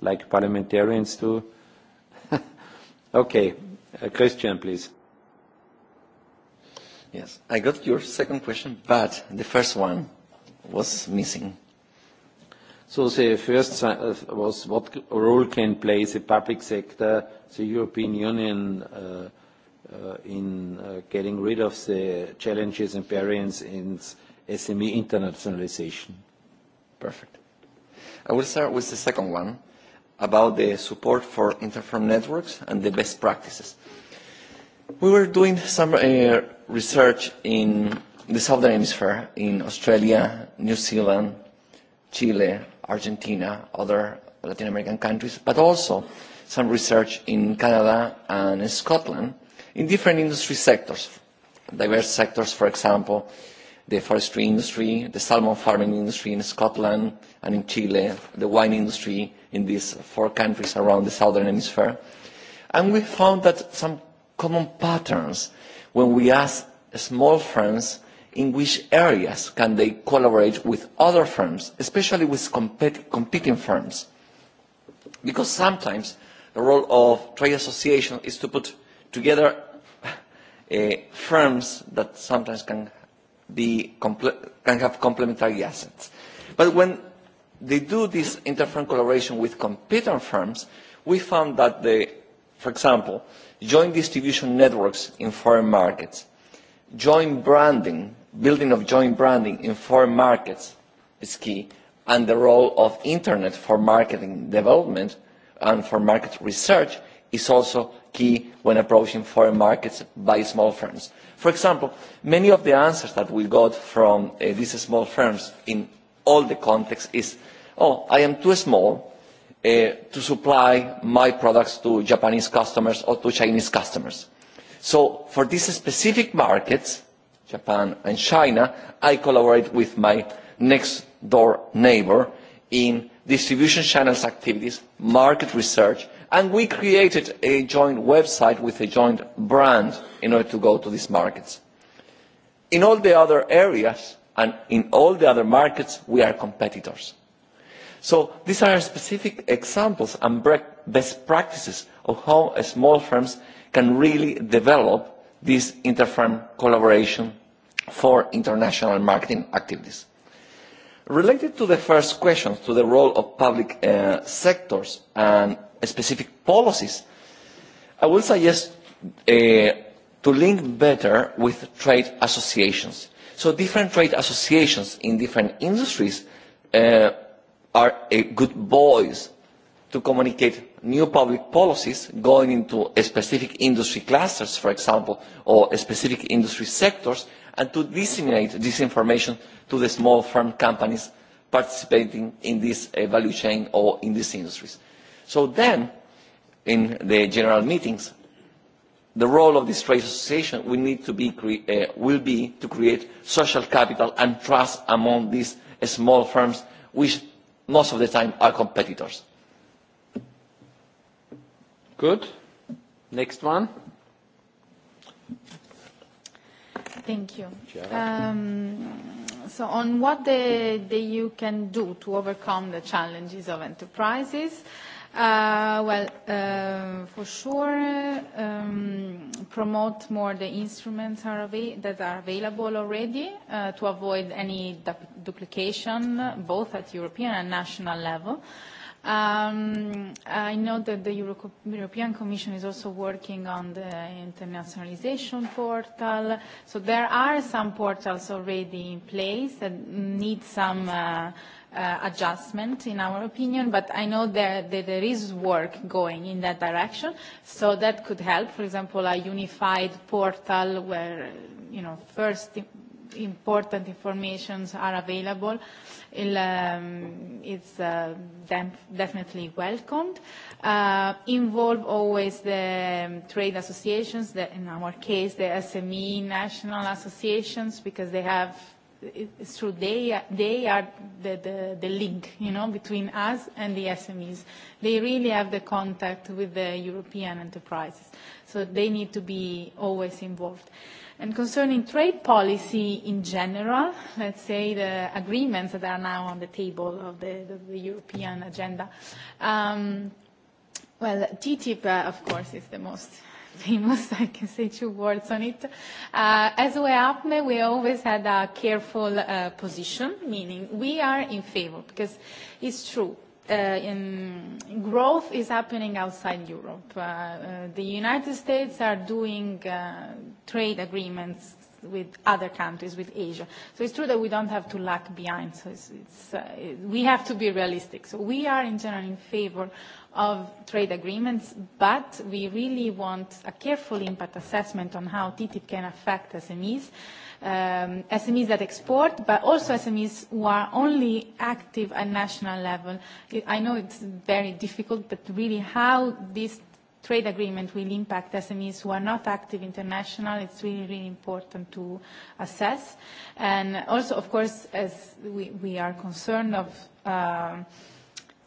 like parliamentarians do. okay, uh, Christian, please. Yes, I got your second question, but the first one was missing. So the first uh, was what role can play the public sector, the European Union, uh, uh, in uh, getting rid of the challenges and barriers in SME internationalization? Perfect. I will start with the second one about the support for interfirm networks and the best practices. We were doing some uh, research in the southern hemisphere in Australia, New Zealand, Chile, Argentina, other Latin American countries, but also some research in Canada and Scotland in different industry sectors, diverse sectors, for example, the forestry industry, the salmon farming industry in Scotland and in Chile, the wine industry in these four countries around the southern hemisphere. And we found that some common patterns when we ask small firms in which areas can they collaborate with other firms, especially with compet competing firms. Because sometimes the role of trade association is to put together uh, firms that sometimes can, be can have complementary assets. But when they do this inter-firm collaboration with competing firms, we found that the for example joint distribution networks in foreign markets joint branding building of joint branding in foreign markets is key and the role of internet for marketing development and for market research is also key when approaching foreign markets by small firms. For example, many of the answers that we got from uh, these small firms in all the contexts is, oh, I am too small Eh, to supply my products to Japanese customers or to Chinese customers. So for these specific markets, Japan and China, I collaborate with my next door neighbor in distribution channels activities, market research, and we created a joint website with a joint brand in order to go to these markets. In all the other areas and in all the other markets, we are competitors so these are specific examples and best practices of how small firms can really develop this inter firm collaboration for international marketing activities. Related to the first question, to the role of public uh, sectors and specific policies, I would suggest uh, to link better with trade associations. So different trade associations in different industries uh, are good boys to communicate new public policies going into a specific industry clusters, for example, or specific industry sectors, and to disseminate this information to the small firm companies participating in this uh, value chain or in these industries. So then, in the general meetings, the role of this trade association we need to be cre uh, will be to create social capital and trust among these uh, small firms which most of the time our competitors. Good. Next one. Thank you. Um, so, on what the, the EU can do to overcome the challenges of enterprises, uh, Uh, well, uh, for sure, um, promote more the instruments are av- that are available already uh, to avoid any du- duplication, both at European and national level. Um, I know that the Euro- European Commission is also working on the internationalization portal. So there are some portals already in place that need some. Uh, Uh, adjustment in our opinion, but I know that there, there is work going in that direction, so that could help. For example, a unified portal where, you know, first important information are available, it, um, it's uh, def definitely welcomed. Uh, involve always the um, trade associations, the, in our case, the SME national associations, because they have it's true, they are the link, you know, between us and the SMEs. They really have the contact with the European enterprises, so they need to be always involved. Concerning trade policy in general, let's say the agreements that are now on the table of the European agenda, um, well, TTIP, uh, of course, is the most famous, I can say two words on it. Uh, as WEAPME, we always had a careful uh, position, meaning we are in favor, because it's true. Uh, in growth is happening outside Europe. Uh, uh, the United States are doing uh, trade agreements with other countries, with Asia. So it's true that we don't have to lag behind. So it's, it's, uh, it, we have to be realistic. So we are in general in favor of trade agreements, but we really want a careful impact assessment on how TTIP can affect SMEs, um, SMEs that export, but also SMEs who are only active at national level. I know it's very difficult, but really how this trade agreement will impact SMEs who are not active international, it's really, really important to assess. And also, of course, as we, we are concerned of uh,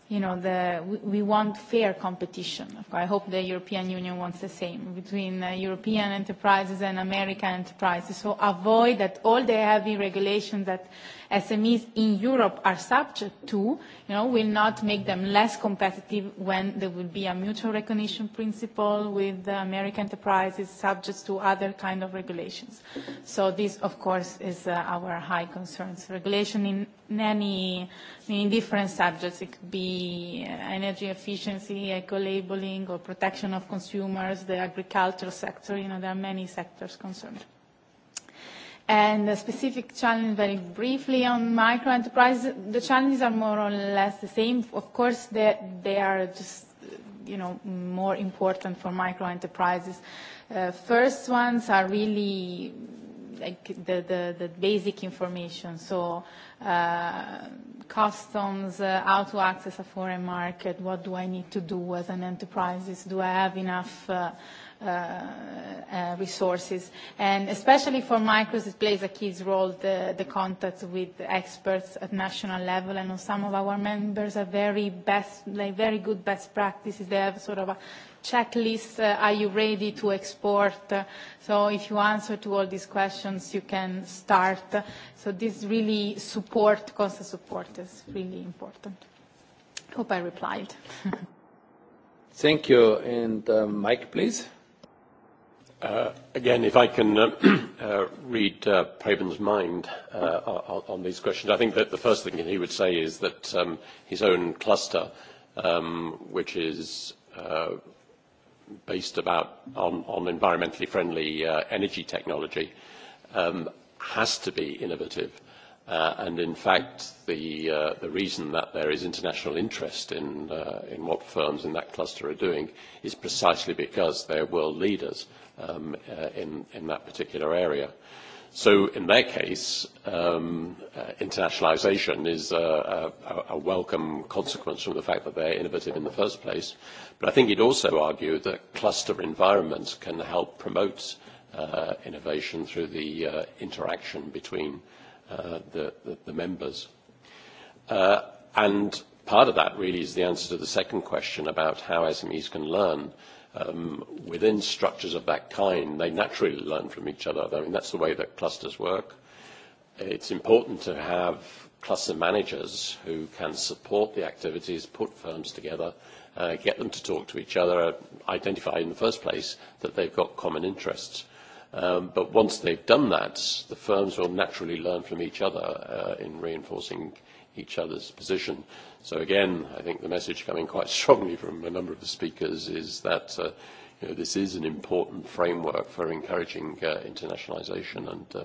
you know, the, we want fair competition. I hope the European Union wants the same between uh, European enterprises and American enterprises. So avoid that all the heavy regulations that SMEs in Europe are subject to, you know, will not make them less competitive when there will be a mutual recognition principle with American enterprises subject to other kind of regulations. So this, of course, is uh, our high concerns. Regulation in any, in different subjects, it could be uh, energy efficiency, eco-labeling, or protection of consumers, the agricultural sector, you know, there are many sectors concerned and specific challenge very briefly on micro enterprise. The challenges are more or less the same. Of course, they are just more important for micro enterprises. Uh, first ones are really the basic information. So uh, customs, uh, how to access a foreign market, what do I need to do as an enterprise? Do I have enough Uh, uh, resources. Especially for Microsys, it plays a key role, the contacts with experts at national level. I know some of our members are very best, like, very good best practices. They have sort of a checklist, uh, are you ready to export? So if you answer to all these questions, you can start. So this really support, constant support is really important. Hope I replied. Thank you. And, um, Mike, please. Uh, again, if I can uh, uh, read uh, Pavin's mind uh, on, on these questions, I think that the first thing he would say is that um, his own cluster, um, which is uh, based about on, on environmentally friendly uh, energy technology, um, has to be innovative. Uh, and in fact, the, uh, the reason that there is international interest in, uh, in what firms in that cluster are doing is precisely because they're world leaders um, uh, in, in that particular area. So in their case, um, uh, internationalization is a, a, a welcome consequence from the fact that they're innovative in the first place. But I think you'd also argue that cluster environments can help promote uh, innovation through the uh, interaction between uh, the, the, the members. Uh, and part of that really is the answer to the second question about how SMEs can learn. Uh, um, within structures of that kind, they naturally learn from each other. I mean, that's the way that clusters work. It's important to have cluster managers who can support the activities, put firms together, uh, get them to talk to each other, identify in the first place that they've got common interests. Um, but once they've done that, the firms will naturally learn from each other uh, in reinforcing uh, each other's position. So again, I think the message coming quite strongly from a number of the speakers is that uh, you know, this is an important framework for encouraging uh, internationalization and, uh,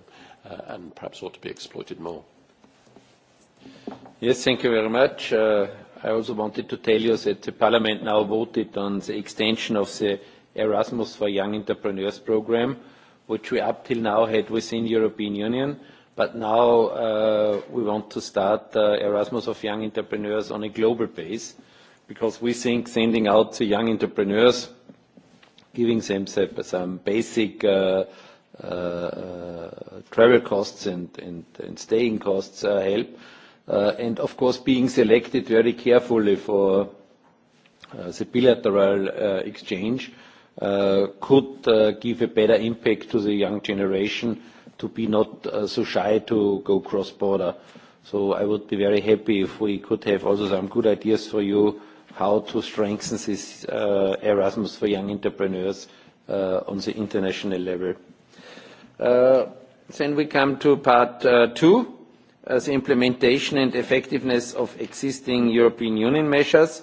uh, and perhaps ought to be exploited more. Yes, thank you very much. Uh, I also wanted to tell you that the Parliament now voted on the extension of the Erasmus for Young Entrepreneurs program, which we up till now had within European Union. But now uh, we want to start uh, Erasmus of Young Entrepreneurs on a global base because we think sending out to young entrepreneurs, giving them some basic uh, uh, uh, travel costs and, and, and staying costs uh, help. Uh, and of course being selected very carefully for uh, the bilateral uh, exchange uh, could uh, give a better impact to the young generation uh, to be not uh, so shy to go cross border. So I would be very happy if we could have also some good ideas for you how to strengthen this uh, Erasmus for young entrepreneurs uh, on the international level. Uh, then we come to part uh, two, uh, the implementation and effectiveness of existing European Union measures.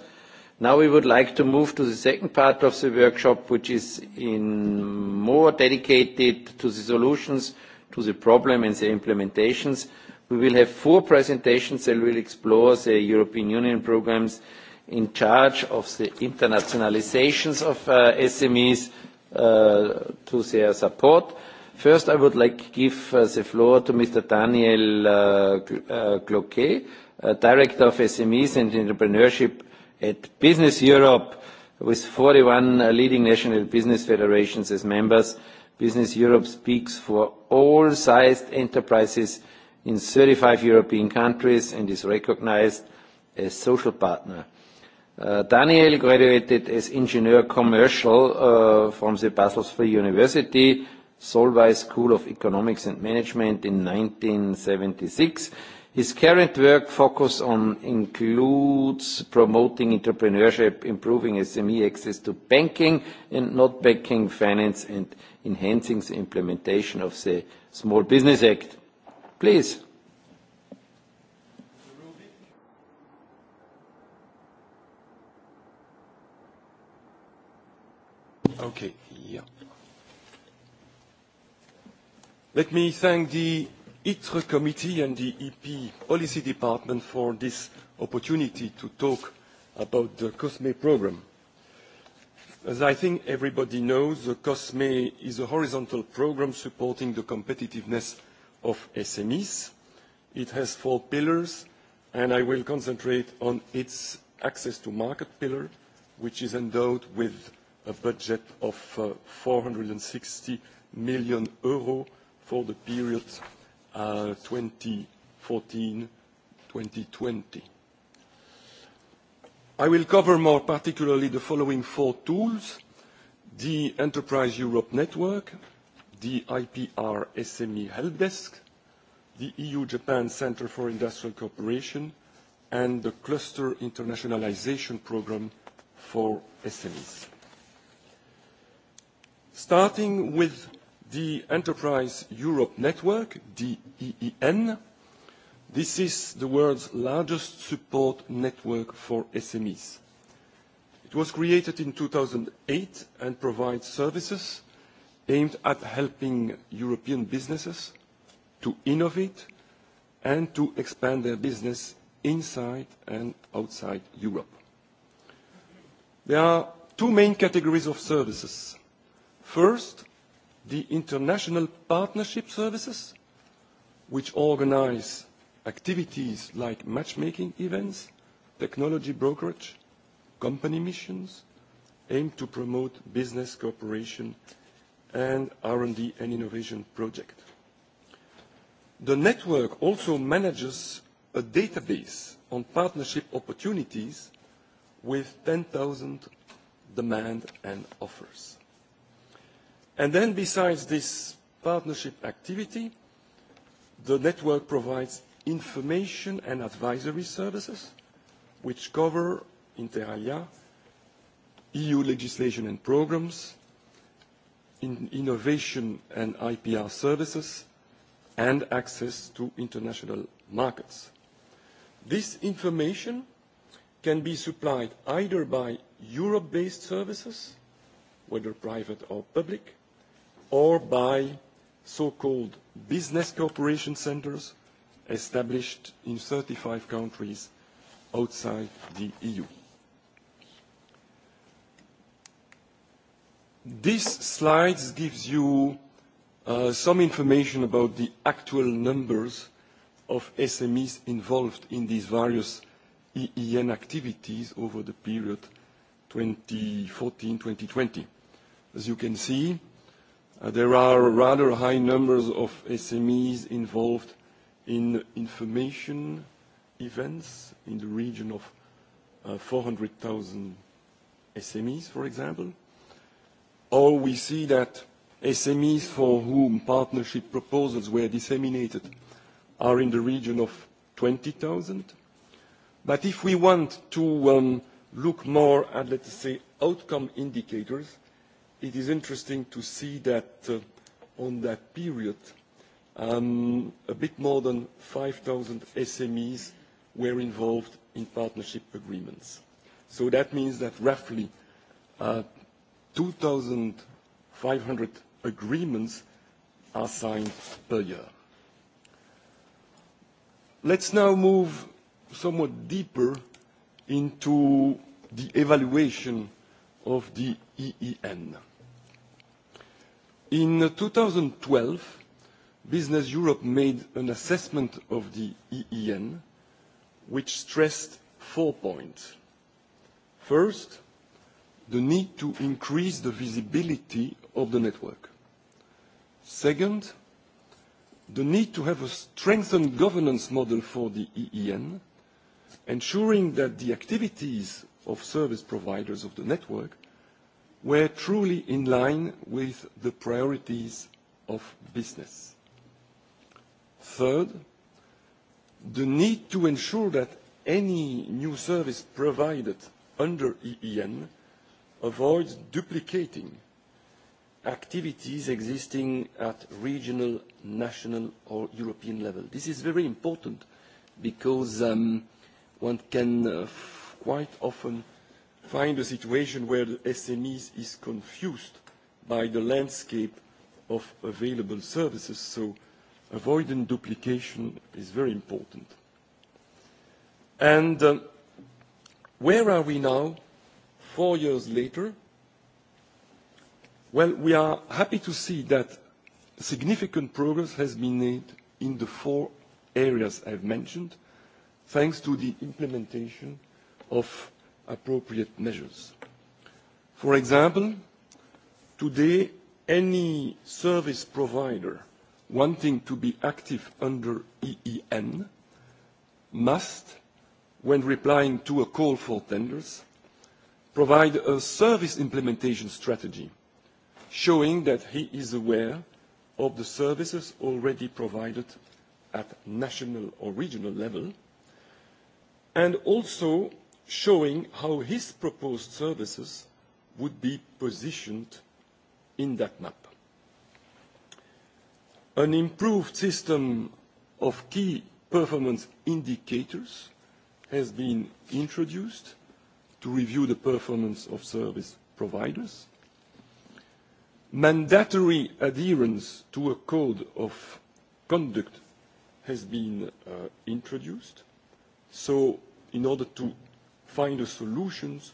Now we would like to move to the second part of the workshop, which is in more dedicated to the solutions to the problem and the implementations. We will have four presentations that will explore the European Union programmes in charge of the internationalizations of uh, SMEs uh, to their support. First, I would like to give uh, the floor to Mr. Daniel uh, uh, Cloquet, uh, Director of SMEs and Entrepreneurship at Business Europe, with 41 uh, leading national business federations as members business europe speaks for all sized enterprises in 35 european countries and is recognized as social partner. Uh, daniel graduated as engineer commercial uh, from the basel free university, solvay school of economics and management in 1976. His current work focus on includes promoting entrepreneurship, improving SME access to banking and not banking finance and enhancing the implementation of the Small Business Act. Please. Okay. Yeah. Let me thank the ITRE committee and the EP policy department for this opportunity to talk about the COSME program. As I think everybody knows, the COSME is a horizontal program supporting the competitiveness of SMEs. It has four pillars, and I will concentrate on its access to market pillar, which is endowed with a budget of uh, 460 million euro for the period 2014, uh, 2020. I will cover more particularly the following four tools: the Enterprise Europe Network, the IPR SME Helpdesk, the EU-Japan Centre for Industrial Cooperation, and the Cluster Internationalization Programme for SMEs. Starting with the Enterprise Europe Network, the EEN. This is the world's largest support network for SMEs. It was created in 2008 and provides services aimed at helping European businesses to innovate and to expand their business inside and outside Europe. There are two main categories of services. First, the international partnership services, which organize activities like matchmaking events, technology brokerage, company missions, aim to promote business cooperation and R&D and innovation project. The network also manages a database on partnership opportunities with 10,000 demand and offers besides this partnership activity the network provides information and advisory services which cover inter alia eu legislation and programmes in innovation and ipr services and access to international markets. this information can be supplied either by europe based services whether private or public or by so-called business cooperation centres established in 35 countries outside the EU. This slide gives you uh, some information about the actual numbers of SMEs involved in these various EEN activities over the period 2014-2020. As you can see, Uh, there are rather high numbers of SMEs involved in information events in the region of uh, 400,000 SMEs, for example. Or we see that SMEs for whom partnership proposals were disseminated are in the region of 20,000. But if we want to um, look more at, let's say, outcome indicators, it is interesting to see that uh, on that period, um, a bit more than 5,000 SMEs were involved in partnership agreements. So that means that roughly uh, 2,500 agreements are signed per year. Let's now move somewhat deeper into the evaluation of the EEN. In 2012, Business Europe made an assessment of the EEN which stressed four points. First, the need to increase the visibility of the network. Second, the need to have a strengthened governance model for the EEN, ensuring that the activities of service providers of the network were truly in line with the priorities of business. Third, the need to ensure that any new service provided under EEN avoids duplicating activities existing at regional, national, or European level. This is very important because um, one can uh, quite often find a situation where the SMEs is confused by the landscape of available services, so avoiding duplication is very important. And uh, where are we now, four years later? Well, we are happy to see that significant progress has been made in the four areas I've mentioned, thanks to the implementation of appropriate measures. For example, today, any service provider wanting to be active under EEN must, when replying to a call for tenders, provide a service implementation strategy showing that he is aware of the services already provided at national or regional level, and also showing how his proposed services would be positioned in that map. An improved system of key performance indicators has been introduced to review the performance of service providers. Mandatory adherence to a code of conduct has been uh, introduced. In order to find solutions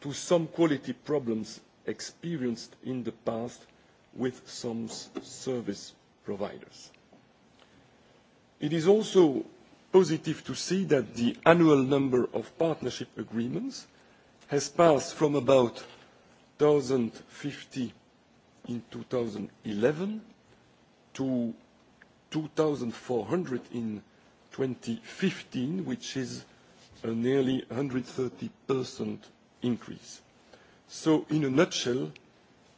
to some quality problems experienced in the past with some service providers. It is also positive to see that the annual number of partnership agreements has passed from about 1,050 in 2011 to 2,400 in 2015, which is a nearly 130% increase. In a nutshell,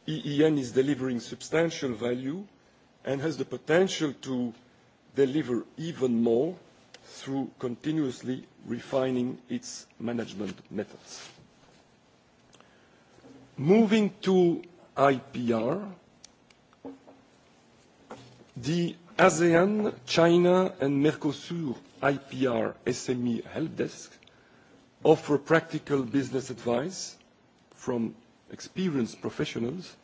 EEN is delivering substantial value and has the potential to deliver even more through continuously refining its management methods. Moving to IPR, the ASEAN, China, and Mercosur IPR SME help desk offer practical business advice from experienced professionals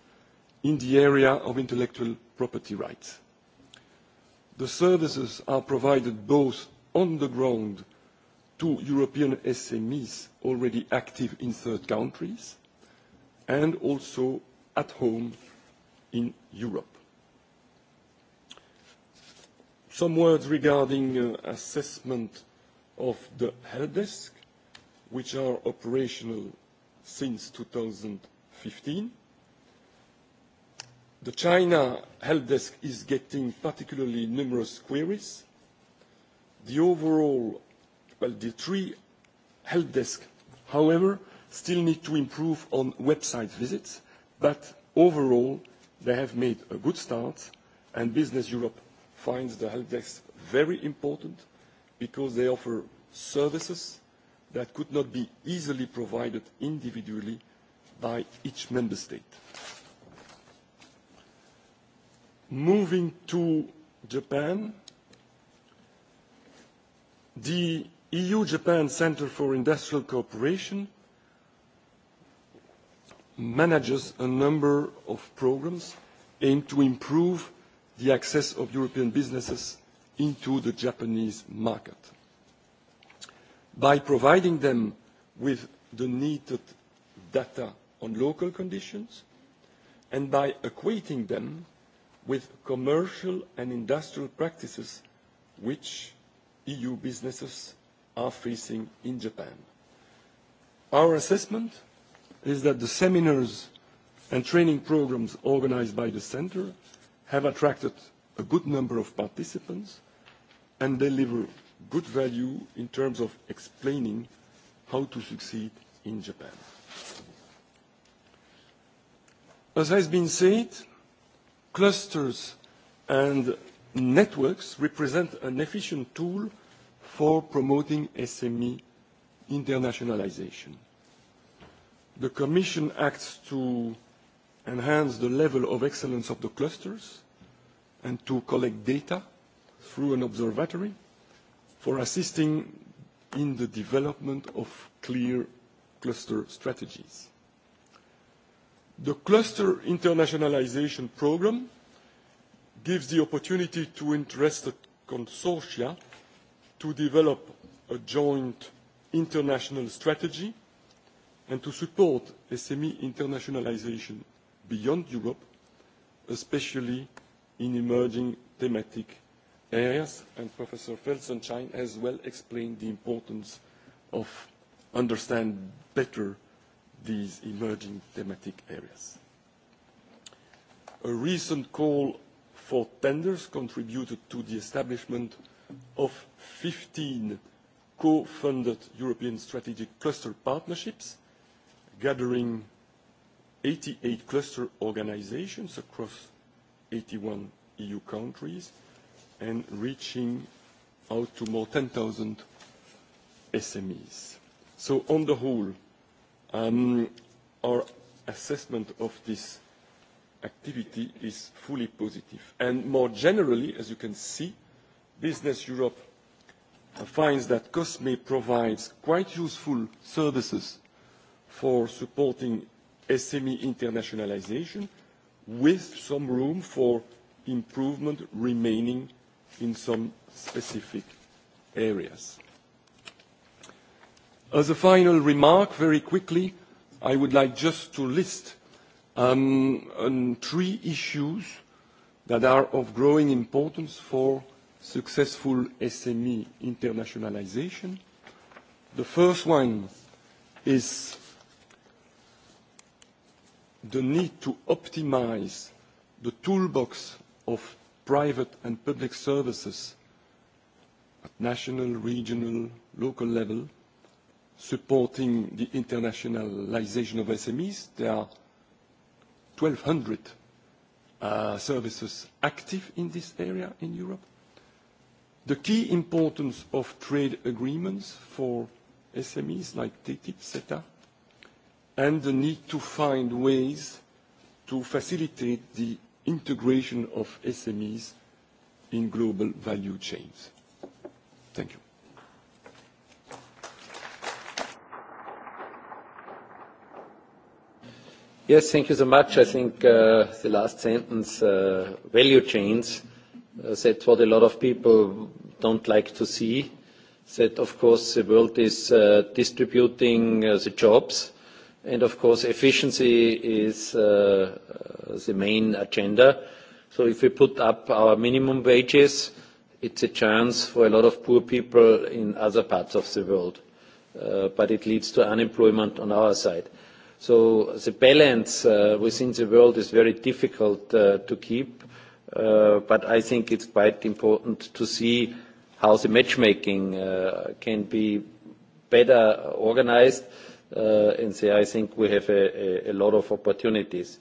in the area of intellectual property rights. The services are provided both on the ground to European SMEs already active in third countries and also at home in Europe. Some words regarding uh, assessment of the help desk, which are operational since 2015. The China help desk is getting particularly numerous queries. The overall, well, the three help desk, however, still need to improve on website visits, but overall, they have made a good start, and Business Europe finds the help desk very important because they offer services that could not be easily provided individually by each member state. Moving to Japan, the EU-Japan Center for Industrial Cooperation manages a number of programs aimed to improve the access of European businesses into the Japanese market. By providing them with the needed data on local conditions and by equating them with commercial and industrial practices which EU businesses are facing in Japan. Our assessment is that the seminars and training programs organized by the center have attracted a good number of participants and deliver good value in terms of explaining how to succeed in Japan. As has been said, clusters and networks represent an efficient tool for promoting SME internationalization. The Commission acts to enhance the level of excellence of the clusters and to collect data through an observatory for assisting in the development of clear cluster strategies. The cluster internationalization program gives the opportunity to interested consortia to develop a joint international strategy and to support SME internationalization beyond Europe, especially in emerging thematic areas. Professor Felsenstein has well explained the importance of understand better these emerging thematic areas. A recent call for tenders contributed to the establishment of 15 co-funded European strategic cluster partnerships, gathering 88 cluster organizations across 81 EU countries and reaching out to more 10,000 SMEs. On the whole, um, our assessment of this activity is fully positive. More generally, as you can see, Business Europe finds that Cosme provides quite useful services for supporting SME internationalization, with some room for improvement remaining in some specific areas. As a final remark, very quickly, I would like just to list um, um, three issues that are of growing importance for successful SME internationalization. The first one is the need to optimise the toolbox of private and public services at national, regional, local level, supporting the internationalisation of SMEs. There are 1,200 uh, services active in this area in Europe. The key importance of trade agreements for SMEs like TTIP, CETA, uh, and the need to find ways to facilitate the integration of SMEs in global value chains. Thank you. Yes, thank you so much. I think uh, the last sentence, uh, value chains, uh, that's what a lot of people don't like to see, that of course the world is uh, distributing uh, the jobs uh, Of course, efficiency is uh, uh, the main agenda. If we put up our minimum wages, it's a chance for a lot of poor people in other parts of the world, uh, but it leads to unemployment on our side. The balance within the world is very difficult to keep, but I think it's quite important to see how the matchmaking can be better organized. Uh, NCI, I think we have a, a, a lot of opportunities.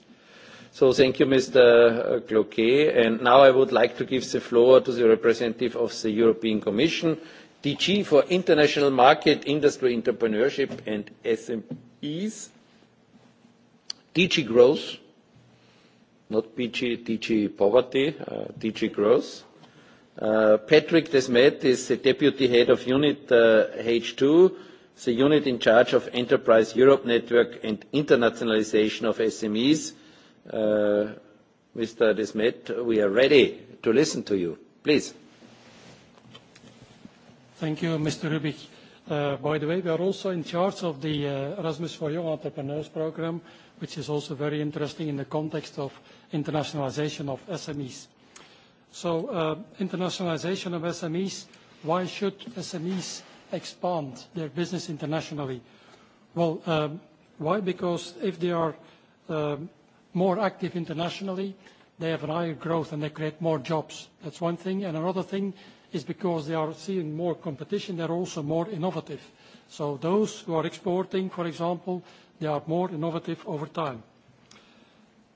So thank you, Mr. Uh, Cloquet. And now I would like to give the floor to the representative of the European Commission, DG for International Market, Industry, Entrepreneurship and SMEs. DG Growth, not PG, DG Poverty, uh, DG Growth. Uh, Patrick Desmet is the Deputy Head of Unit uh, H2 the unit in charge of Enterprise Europe Network and Internationalization of SMEs. Uh, Mr. de Smet, we are ready to listen to you. Please. Thank you, Mr. Rübig. Uh, by the way, we are also in charge of the uh, Erasmus for Young Entrepreneurs program, which is also very interesting in the context of internationalization of SMEs. Internationalization of SMEs, why should SMEs expand their business internationally? Well, um, why? Because if they are um, more active internationally, they have a higher growth, and they create more jobs. That's one thing. Another thing is because they are seeing more competition, they're also more innovative. Those who are exporting, for example, they are more innovative over time.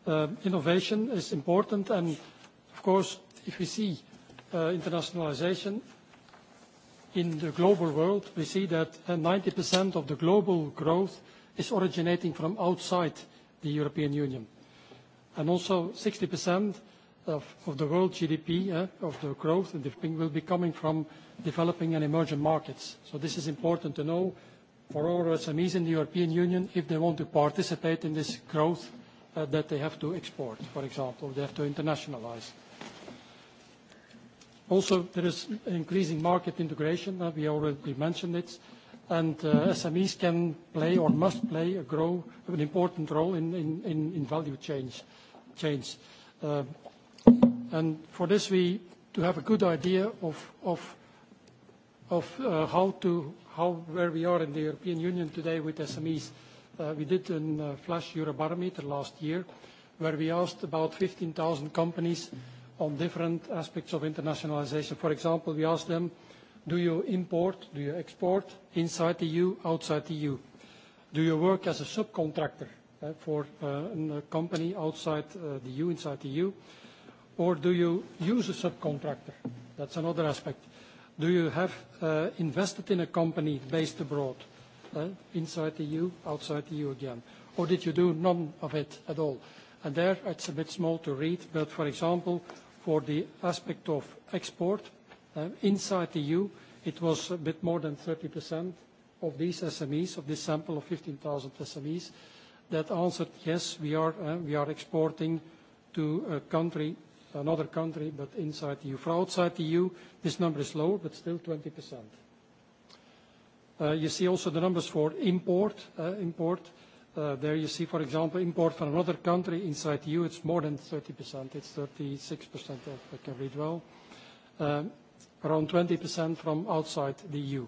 Um, innovation is important, and of course, if we see uh, internationalization, in the global world, we see that 90% uh, of the global growth is originating from outside the European Union. Also 60% of the world GDP, uh, of the growth will be coming from developing and emerging markets. This is important to know for all SMEs in the European Union if they want to participate in this growth, uh, that they have to export, for example, they have to internationalize. Also, there is increasing market integration, uh, we already mentioned it, and uh, SMEs can play or must play a growing, an important role in value chains. Uh, and for this, we to have a good idea of how to where we are in the European Union today with SMEs. We did a flash Eurobarometer last year, where we asked about 15,000 companies on different aspects of internationalization. For example, we ask them, "Do you import, do you export inside the EU, outside the EU? Do you work as a subcontractor eh, for uh, a company outside uh, the EU, inside the EU? Or do you use a subcontractor?" That's another aspect. "Do you have uh, invested in a company based abroad, eh, inside the EU, outside the EU again? Or did you do none of it at all?" There, it's a bit small to read, but for example, for the aspect of export. Uh, inside the EU, it was a bit more than 30% of these SMEs, of this sample of 15,000 SMEs, that answered, "Yes, we are uh, exporting to another country, but inside the EU." For outside the EU, this number is lower, but still 20%. Uh, you see also the numbers for import. Import Uh, there you see, for example, import from another country inside EU, it's more than 30%. It's 36%, if I can read well. Uh, around 20% from outside the EU.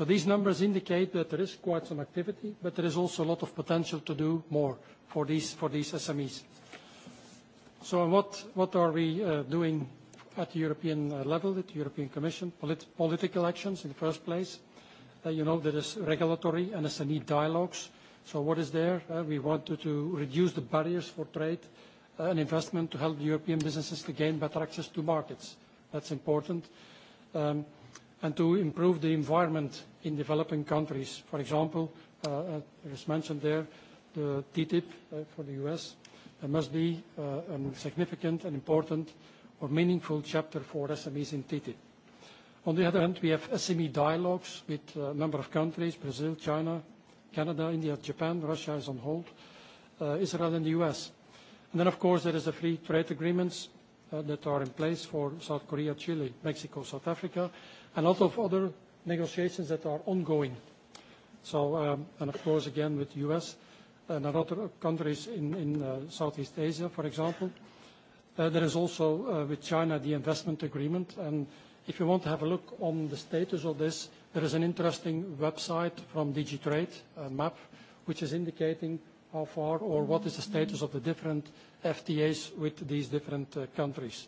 These numbers indicate that there is quite some activity, but there is also a lot of potential to do more for these SMEs. What are we uh, doing at European level, at the European Commission? Political actions in the first place. You know, there is regulatory and SME dialogues. What is there? Uh, we wanted to reduce the barriers for trade uh, and investment to help the European businesses to gain better access to markets. That's important. Um, to improve the environment in developing countries. For example, uh, it was mentioned there, the TTIP for the U.S., there must be a significant and important or meaningful chapter for SMEs in TTIP. On the other hand, we have SME dialogues with a number of countries, Brazil, China, Canada, India, Japan. Russia is on hold. Uh, Israel and the U.S. Of course, there is the free trade agreements uh, that are in place for South Korea, Chile, Mexico, South Africa, and a lot of other negotiations that are ongoing. Um, of course, again, with U.S. and other countries in uh, Southeast Asia, for example. There is also, with China, the investment agreement. If you want to have a look on the status of this, There is an interesting website from Digitrade, a map, which is indicating how far or what is the status of the different FTAs with these different uh, countries.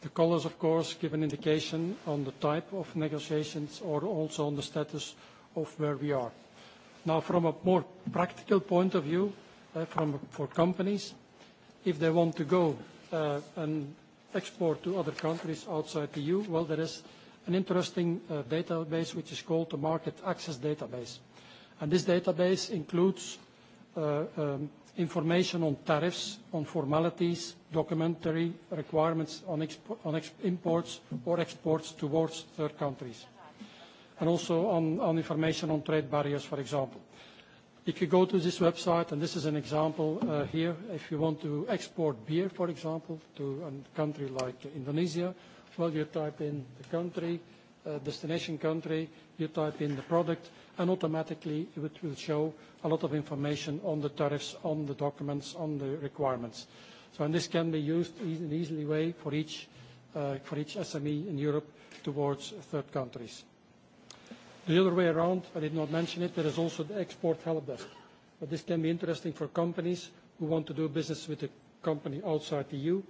The colors, of course, give an indication on the type of negotiations or also on the status of where we are. Now, from a more practical point of view, uh, for companies, if they want to go uh, and export to other countries outside the EU, well, there is an interesting uh, database which is called the Market Access Database. This database includes uh, um, information on tariffs, on formalities, documentary requirements on imports or exports towards third countries, and also on information on trade barriers, for example. If you go to this website, and this is an example uh, here, if you want to export beer, for example, to a country like Indonesia, Well, you type in the country, uh, destination country, you type in the product, and automatically it will show a lot of information on the tariffs, on the documents, on the requirements. This can be used e-, in an easy way for each uh, SME in Europe towards third countries. The other way around, I did not mention it, there is also the export help desk. This can be interesting for companies who want to do business with a company outside the EU,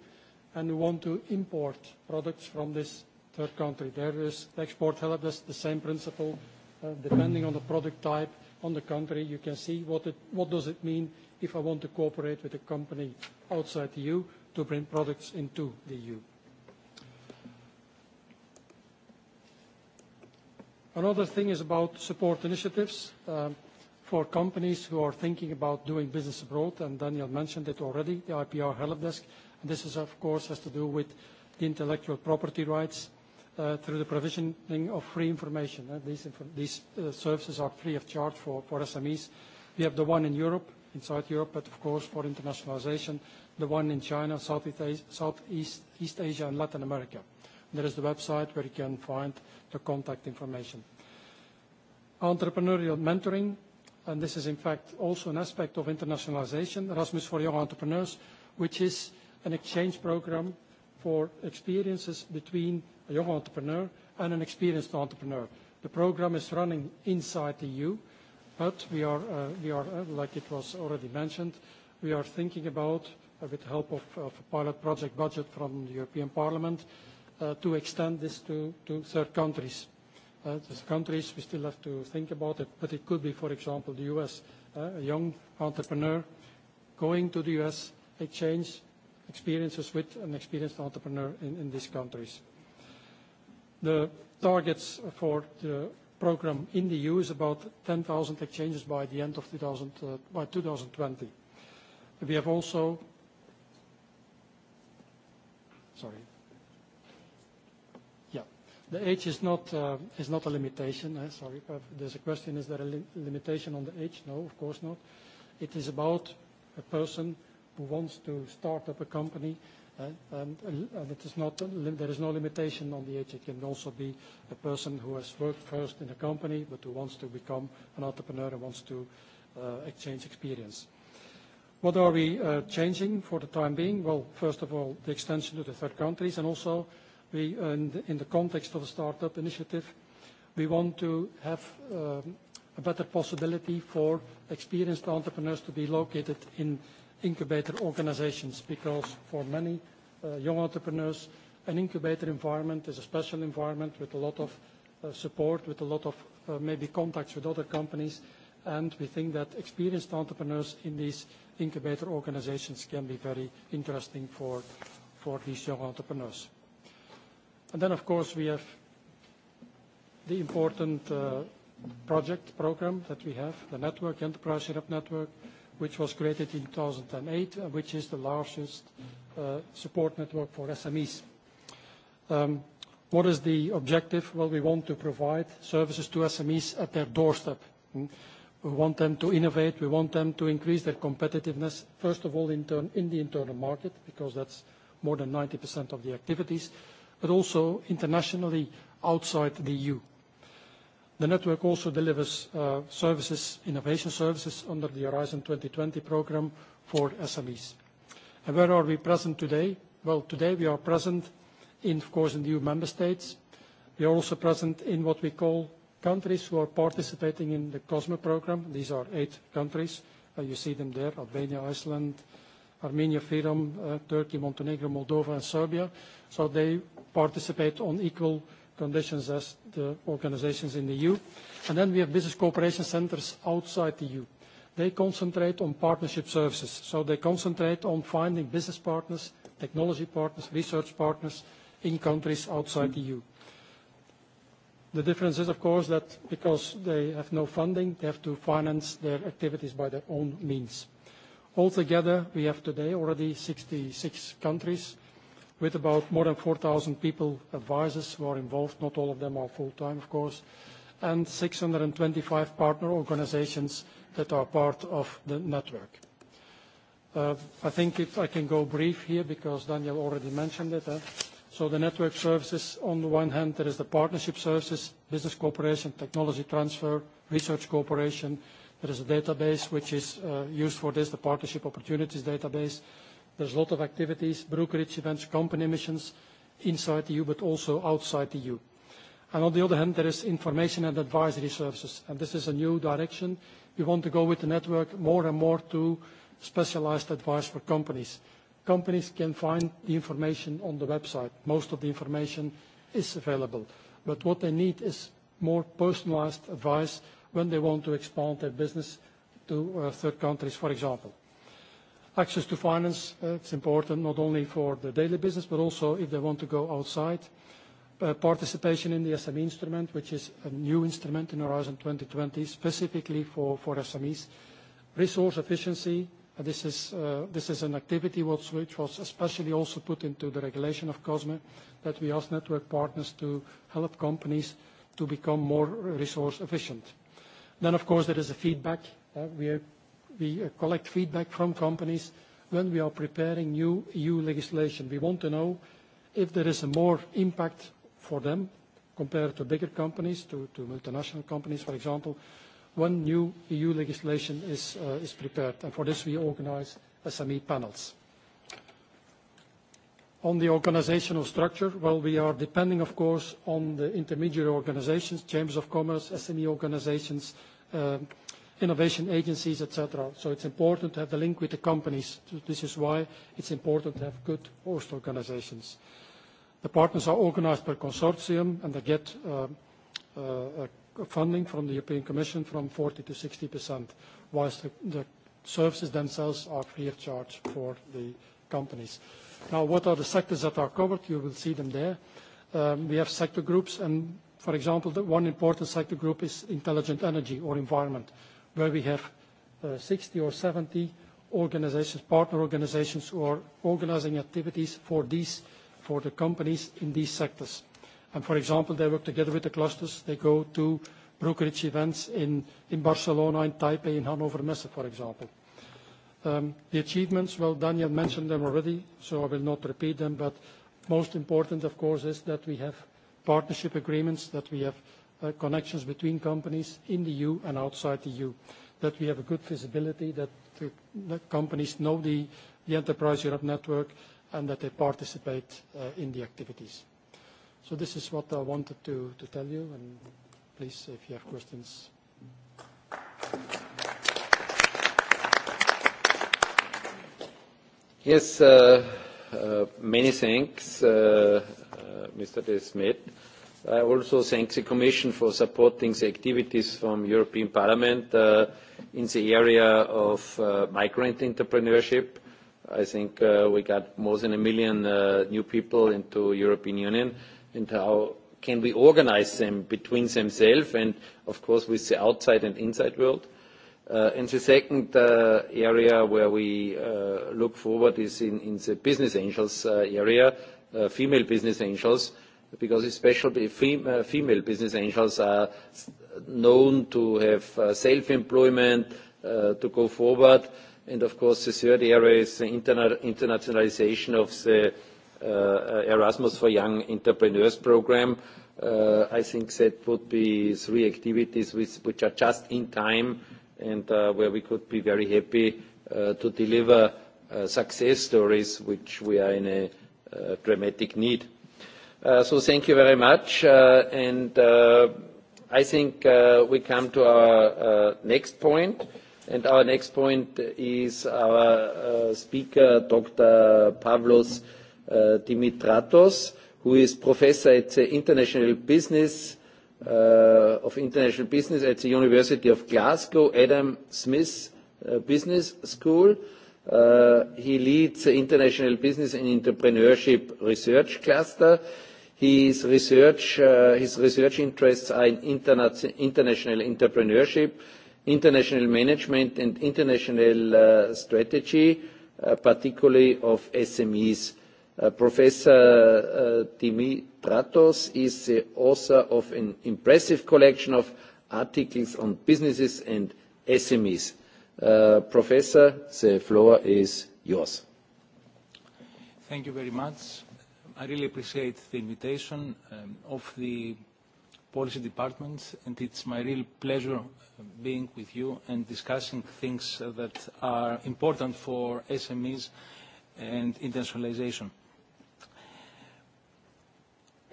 and we want to import products from this third country. There is the export help desk, the same principle. Uh, depending on the product type, on the country, you can see what does it mean if I want to cooperate with a company outside the EU to bring products into the EU. Another thing is about support initiatives um, for companies who are thinking about doing business abroad, and Daniel mentioned it already, the IPR help desk. This is, of course, has to do with the intellectual property rights uh, through the provisioning of free information. Uh, these uh, services are free of charge for SMEs. We have the one in Europe, inside Europe, but of course, for internationalization, the one in China, Southeast Asia, and Latin America. There is the website where you can find the contact information. Entrepreneurial mentoring, and this is in fact also an aspect of internationalization, Erasmus for Young Entrepreneurs, which is an exchange program for experiences between a young entrepreneur and an experienced entrepreneur. The program is running inside the EU, but we are, uh, we are, uh, like it was already mentioned, we are thinking about, uh, with the help of, of a pilot project budget from the European Parliament, to extend this to, to third countries. These countries, we still have to think about it, but it could be, for example, the U.S. A young entrepreneur going to the U.S. exchange, experiences with an experienced entrepreneur in these countries. The targets for the program in the EU is about 10,000 exchanges by the end of 2020. Uh, We have also Sorry. Yeah. The age is not uh, a limitation. Eh, sorry. Uh, there's a question, is there a limitation on the age? No, of course not. It is about a person who wants to start up a company, uh, um, and, and it is not, there is no limitation on the age. It can also be a person who has worked first in a company but who wants to become an entrepreneur and wants to uh, exchange experience. What are we uh, changing for the time being? Well, first of all, the extension to the third countries, and also we, uh, in, the, in the context of a startup initiative, we want to have um, a better possibility for experienced entrepreneurs to be located in incubator organizations because for many uh, young entrepreneurs, an incubator environment is a special environment with a lot of uh, support, with a lot of uh, maybe contacts with other companies. And we think that experienced entrepreneurs in these incubator organizations can be very interesting for, for these young entrepreneurs. And then, of course, we have the important uh, project program that we have, the network, Enterprise Europe Network, which was created in 2008, uh, which is the largest uh, support network for SMEs. Um, what is the objective? Well, we want to provide services to SMEs at their doorstep. Hmm? We want them to innovate. We want them to increase their competitiveness, first of all, in the internal market, because that's more than 90% of the activities, but also internationally outside the EU. The network also delivers uh, services, innovation services under the Horizon 2020 program for SMEs. Where are we present today? Well, today we are present in, of course, in new member states. We are also present in what we call countries who are participating in the COSME program. These are eight countries. Uh, you see them there, Albania, Iceland, Armenia, Fyrom, uh, Turkey, Montenegro, Moldova, and Serbia. They participate on equal conditions as the organizations in the EU. Then we have business cooperation centers outside the EU. They concentrate on partnership services. They concentrate on finding business partners, technology partners, research partners in countries outside the EU. The difference is, of course, that because they have no funding, they have to finance their activities by their own means. Altogether, we have today already 66 countries with about more than 4,000 people, advisors who are involved, not all of them are full-time, of course, and 625 partner organizations that are part of the network. Uh, I think if I can go brief here, because Daniel already mentioned it. Uh, so the network services, on the one hand, there is the partnership services, business cooperation, technology transfer, research cooperation. There is a database which is uh, used for this, the Partnership Opportunities Database. There's a lot of activities, brokerage events, company missions inside the EU, but also outside the EU. On the other hand, there is information and advisory services, and this is a new direction. We want to go with the network more and more to specialized advice for companies. Companies can find the information on the website. Most of the information is available. What they need is more personalized advice when they want to expand their business to uh, third countries, for example access to finance, uh, it's important not only for the daily business, but also if they want to go outside. Uh, participation in the SME instrument, which is a new instrument in Horizon 2020, specifically for SMEs. Resource efficiency, uh, this is an activity which was especially also put into the regulation of COSME, that we ask network partners to help companies to become more resource efficient. Of course, there is a feedback. We We uh, collect feedback from companies when we are preparing new EU legislation. We want to know if there is a more impact for them compared to bigger companies, to multinational companies, for example, when new EU legislation is uh, prepared. For this, we organize SME panels. On the organizational structure, well, we are depending, of course, on the intermediary organizations, chambers of commerce, SME organizations, um, innovation agencies, et cetera. It's important to have the link with the companies. This is why it's important to have good host organizations. The partners are organized by consortium, and they get uh, uh, funding from the European Commission from 40%-60%, whilst the services themselves are free of charge for the companies. What are the sectors that are covered? You will see them there. Um, we have sector groups, and for example, the one important sector group is intelligent energy or environment where we have 60 uh, or 70 organizations, partner organizations, who are organizing activities for these, for the companies in these sectors. For example, they work together with the clusters. They go to brokerage events in Barcelona, in Taipei, in Hannover Messe, for example. Um, the achievements, well, Daniel mentioned them already, so I will not repeat them, but most important, of course, is that we have partnership agreements, that we have Uh, connections between companies in the EU and outside the EU. That we have a good visibility, that the companies know the Enterprise Europe Network, and that they participate uh, in the activities. This is what I wanted to tell you, and please, if you have questions. Yes, uh, many thanks, Mr. De Smet i also thank the commission for supporting the activities from european parliament uh, in the area of uh, migrant entrepreneurship i think uh, we got more than a million uh, new people into european union and how can we organize them between themselves and of course with the outside and inside world uh, and the second uh, area where we uh, look forward is in, in the business angels uh, area, uh, female business angels, uh, because especially uh, female business angels are known to have uh, self-employment uh, to go forward. And of course, the third area is the interna internationalization of the uh, uh Erasmus for Young Entrepreneurs program. Uh, I think that would be three activities with, which are just in time and uh, where we could be very happy uh, to deliver uh, success stories which we are in a uh, dramatic need. Uh, thank you very much. Uh, uh, I think we come to our next point. Our next point is our speaker, Dr. Pavlos Dimitratos, who is professor of international business at the University of Glasgow, Adam Smith Business School. He leads international business and entrepreneurship research cluster. His research, uh, his research interests are in interna- international entrepreneurship, international management, and international uh, strategy, uh, particularly of SMEs. Uh, Professor uh, Dimitratos is the author of an impressive collection of articles on businesses and SMEs. Uh, professor, the floor is yours. Thank you very much, I really appreciate the invitation um, of the policy department and it's my real pleasure uh, being with you and discussing things that are important for SMEs and internationalization.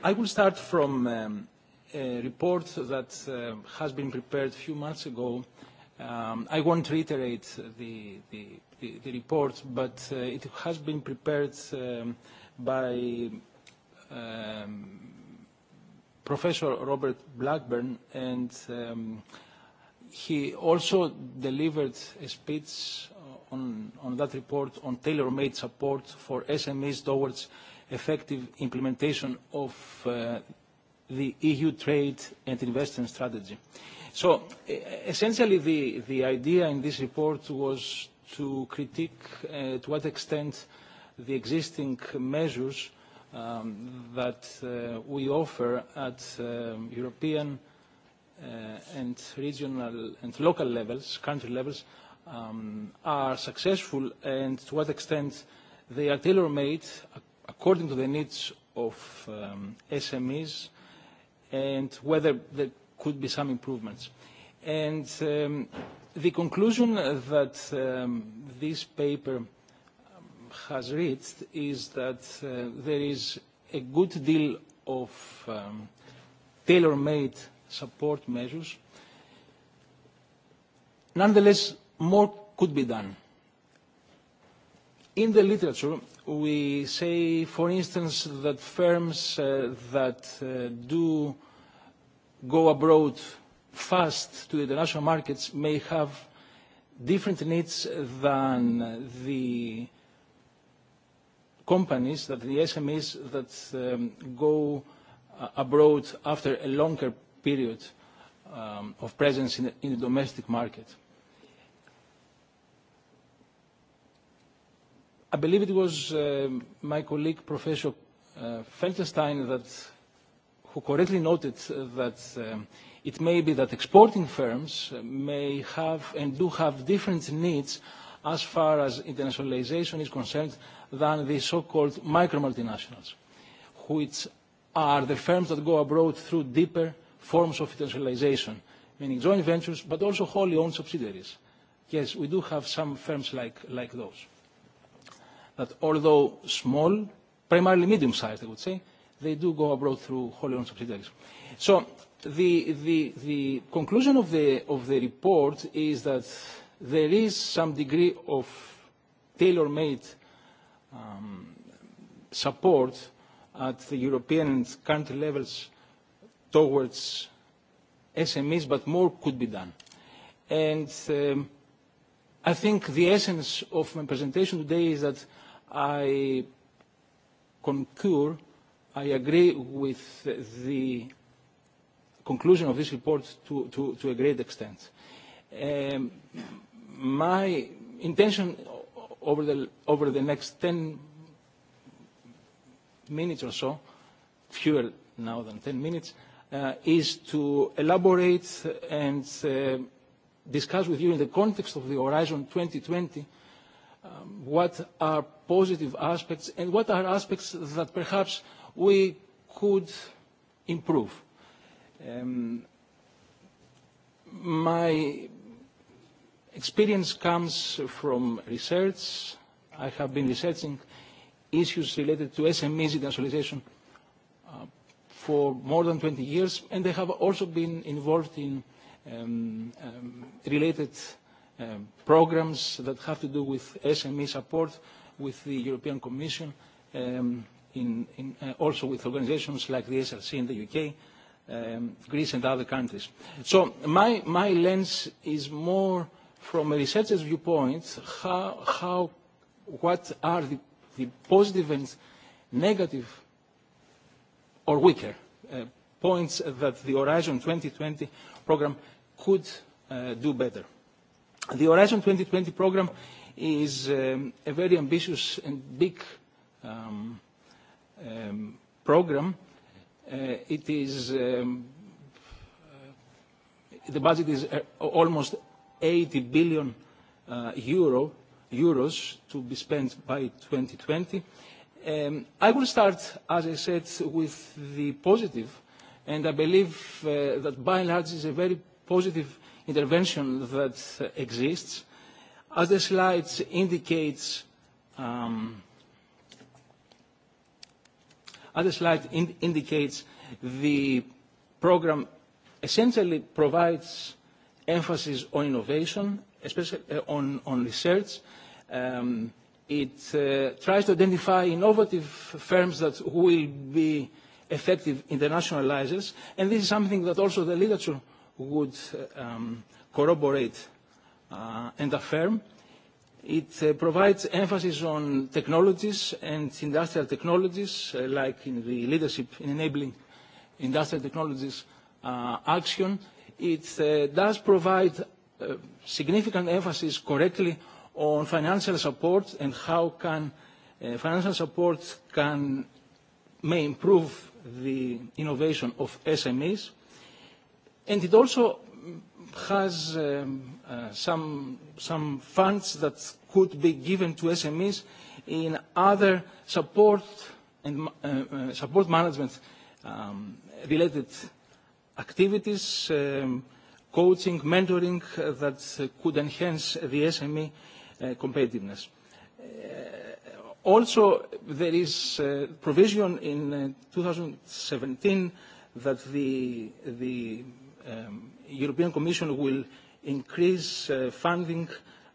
I will start from um, a report that uh, has been prepared a few months ago. Um, I won't reiterate the, the, the, the report, but uh, it has been prepared um, by um, Professor Robert Blackburn, and um, he also delivered a speech on, on that report on tailor-made support for SMEs towards effective implementation of uh, the EU trade and investment strategy. So e, essentially the, the idea in this report was to critique uh, to what extent uh, the existing measures um, that uh, we offer at um, European uh, and regional and local levels, country levels, um, are successful, and to what extent they are tailor-made according to the needs of SMEs, and whether there could be some improvements. The conclusion that this paper has reached is that uh, there is a good deal of um, tailor-made support measures. Nonetheless, more could be done. In the literature, we say, for instance, that firms uh, that uh, do go abroad fast to the international markets may have different needs than the uh, companies, that the SMEs that um, go uh, abroad after a longer period um, of presence in the domestic market. I believe it was uh, my colleague, Professor uh, Felsenstein, who correctly noted that um, it may be that exporting firms may have and do have different needs as far as internationalization is concerned than the so-called micro-multinationals, which are the firms that go abroad through deeper forms of internationalization, meaning joint ventures, but also wholly owned subsidiaries. Yes, we do have some firms like, like those. That although small, primarily medium-sized, I would say, they do go abroad through wholly owned subsidiaries. So the, the, the conclusion of the, of the report is that there is some degree of tailor-made uh, um, support at the European country levels towards SMEs, but more could be done. And um, I think the essence of my presentation today is that I concur, I agree with the conclusion of this report to, to, to a great extent. Um, my intention over the, over the next 10 minutes or so, fewer now than 10 minutes, uh, is to elaborate and uh, discuss with you in the context of the Horizon 2020 um, what are positive aspects and what are aspects that perhaps we could improve. Um, my experience comes from research. I have been researching issues related to SMEs e industrialization uh, for more than 20 years, and I have also been involved in um, um, related um, programs that have to do with SME support with the European Commission, um, in, in, uh, also with organizations like the SRC in the UK, um, Greece and other countries. So my, my lens is more from a researcher's viewpoint, how, how, what are the, the positive and negative or weaker uh, points that the Horizon 2020 program could uh, do better? The Horizon 2020 program is um, a very ambitious and big um, um, program. Uh, it is um, uh, the budget is uh, almost 80 billion uh, euro to be spent by 2020. Um, I will start, as I said, with the positive, and I believe uh, that by and large, it's a very positive intervention that uh, exists. As the slides indicates, other um, slide indicates, the program essentially provides emphasis on innovation, especially uh, on, on research. Um, it uh, tries to identify innovative firms that will be effective internationalizers, and this is something that also the literature would uh, um, corroborate uh, and affirm. It uh, provides emphasis on technologies and industrial technologies, uh, like in the leadership in enabling industrial technologies uh, action. It uh, does provide uh, significant emphasis correctly on financial support and how can uh, financial support can may improve the innovation of SMEs. And it also has um, uh, some, some funds that could be given to SMEs in other support, and, uh, uh, support management um, related activities, um, coaching, mentoring uh, that uh, could enhance the SME uh, competitiveness. Uh, also, there is uh, provision in uh, 2017 that the, the um, European Commission will increase uh, funding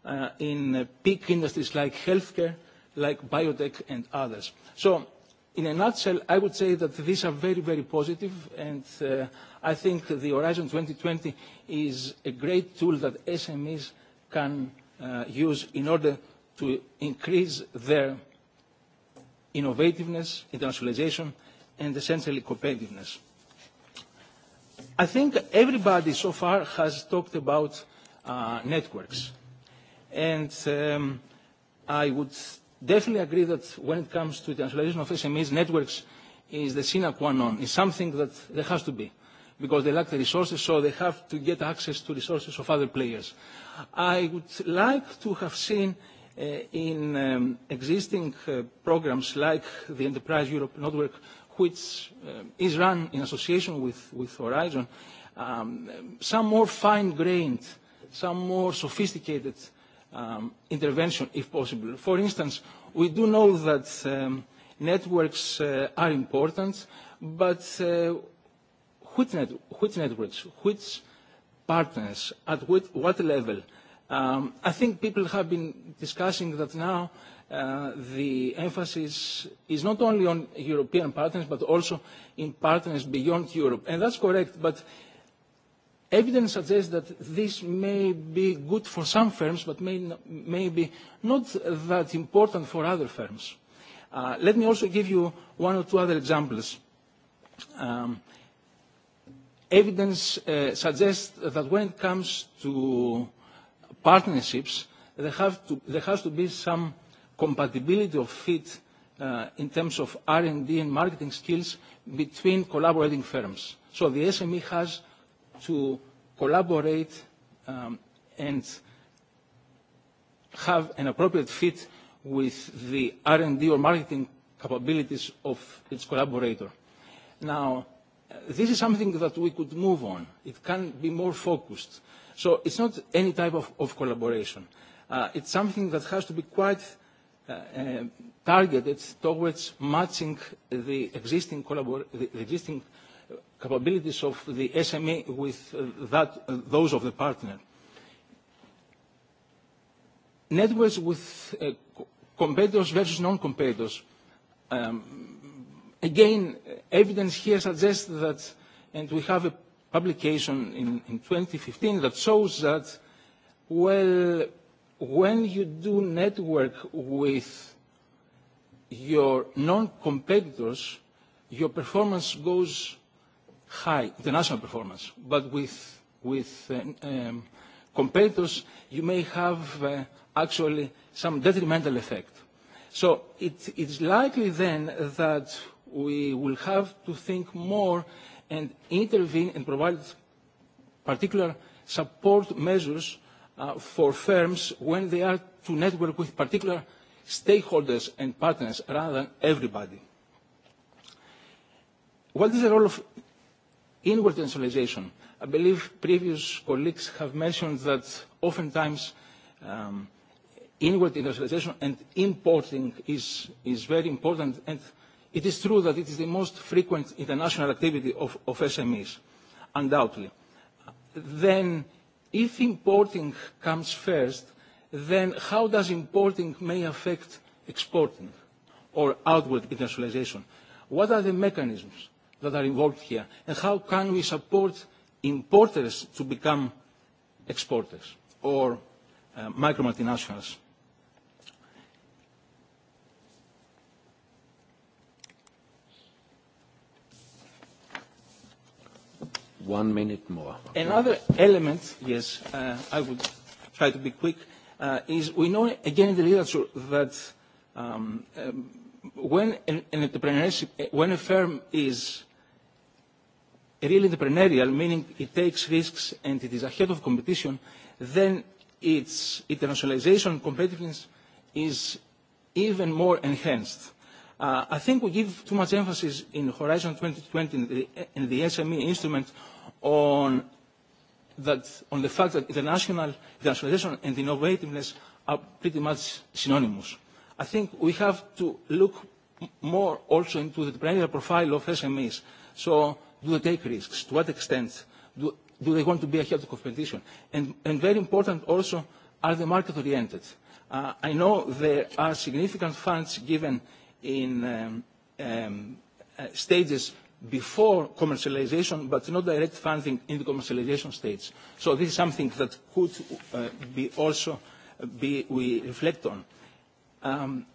uh, in uh, peak industries like healthcare, like biotech and others. So In a nutshell, I would say that these are very, very positive, and uh, I think the Horizon 2020 is a great tool that SMEs can uh, use in order to increase their innovativeness, internationalization, and essentially competitiveness. I think everybody so far has talked about uh, networks, and um, I would definitely agree that when it comes to the transformation of SMEs, networks is the sine qua non. It's something that there has to be because they lack the resources, so they have to get access to resources of other players. I would like to have seen uh, in um, existing uh, programs like the Enterprise Europe Network, which uh, is run in association with, with Horizon, um, some more fine-grained, some more sophisticated uh, um, intervention if possible. For instance, we do know that um, networks uh, are important, but uh, which, net which networks, which partners, at what, what level? Um, I think people have been discussing that now uh, the emphasis is not only on European partners, but also in partners beyond Europe. And that's correct, but Evidence suggests that this may be good for some firms, but may, may be not that important for other firms. Uh, let me also give you one or two other examples. Um, evidence uh, suggests that when it comes to partnerships, there, have to, there has to be some compatibility of fit uh, in terms of R&D and marketing skills between collaborating firms. So the SME has to collaborate um, and have an appropriate fit with the R&D or marketing capabilities of its collaborator. Now, this is something that we could move on. It can be more focused. So it's not any type of, of collaboration. Uh, it's something that has to be quite uh, uh, targeted towards matching the existing, collabor- the, the existing uh, capabilities of the SME with uh, that, uh, those of the partner. Networks with uh, competitors versus non-competitors. Um, again, evidence here suggests that, and we have a publication in, in 2015 that shows that, well, when you do network with your non-competitors, your performance goes high international performance, but with, with uh, um, competitors, you may have uh, actually some detrimental effect. So it, it's likely then that we will have to think more and intervene and provide particular support measures uh, for firms when they are to network with particular stakeholders and partners rather than everybody. What is the role of inward internalization. I believe previous colleagues have mentioned that oftentimes um, inward internalization and importing is, is very important, and it is true that it is the most frequent international activity of, of SMEs, undoubtedly. Then, if importing comes first, then how does importing may affect exporting or outward internationalization? What are the mechanisms? that are involved here, and how can we support importers to become exporters or uh, micro multinationals? One minute more. Another yes. element, yes, uh, I would try to be quick, uh, is we know again in the literature that um, um, when an, an entrepreneurship, when a firm is real entrepreneurial, meaning it takes risks and it is ahead of competition, then its internationalization competitiveness is even more enhanced. Uh, I think we give too much emphasis in Horizon 2020 in the, in the SME instrument on, that, on the fact that international, internationalization and innovativeness are pretty much synonymous. I think we have to look more also into the entrepreneurial profile of SMEs. So Do they take risks? To what extent? Do, do they want to be ahead of the competition? And, and very important also, are they market oriented? Uh, I know there are significant funds given in um, um, uh, stages before commercialization, but no direct funding in the commercialization stage. So this is something that could uh, be also uh, be we reflect on. Um,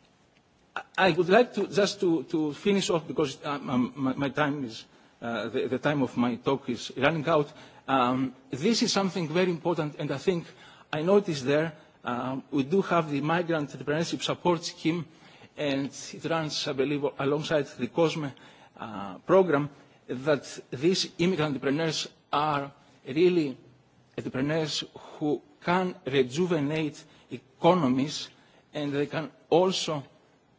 I would like to just to, to finish off because um, um, my, my time is, Uh, the, the time of my talk is running out. Um, this is something very important, and I think I noticed there um, we do have the Migrant Entrepreneurship Support Scheme, and it runs, I believe, alongside the COSME uh, program, that these immigrant entrepreneurs are really entrepreneurs who can rejuvenate economies and they can also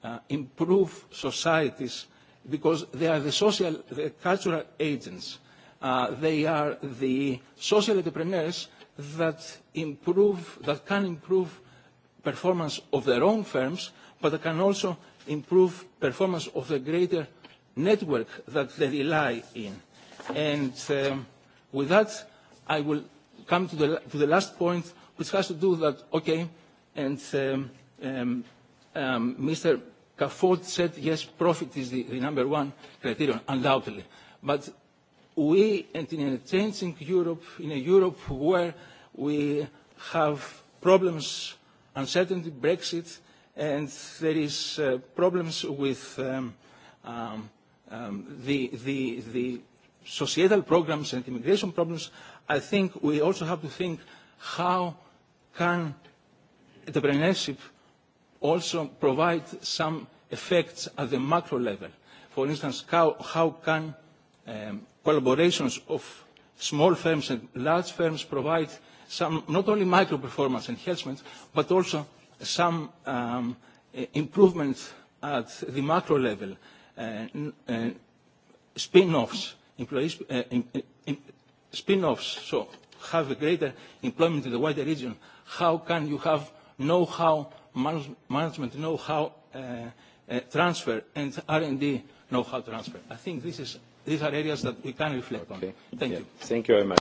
uh, improve societies because they are the social the cultural agents. Uh, they are the social entrepreneurs that improve, that can improve performance of their own firms, but that can also improve performance of the greater network that they rely in. And um, with that, I will come to the, to the last point, which has to do that, okay, and um, um, um, Mr. Carrefour said, yes, profit is the number one criterion, undoubtedly. But we, and in a changing Europe, in a Europe where we have problems, uncertainty, Brexit, and there is uh, problems with um, um, um, the societal programs and immigration problems, I think we also have to think how can entrepreneurship also provide some effects at the macro level. For instance, how, how can um, collaborations of small firms and large firms provide some not only micro performance enhancements, but also some um, improvement at the macro level, uh, uh, spin-offs, employees, uh, in, in spin-offs, so have a greater employment in the wider region. How can you have know-how management know-how uh, uh, transfer and R&D know-how transfer. I think this is, these are areas that we can reflect on. Okay. Thank you. Yeah. Thank you very much.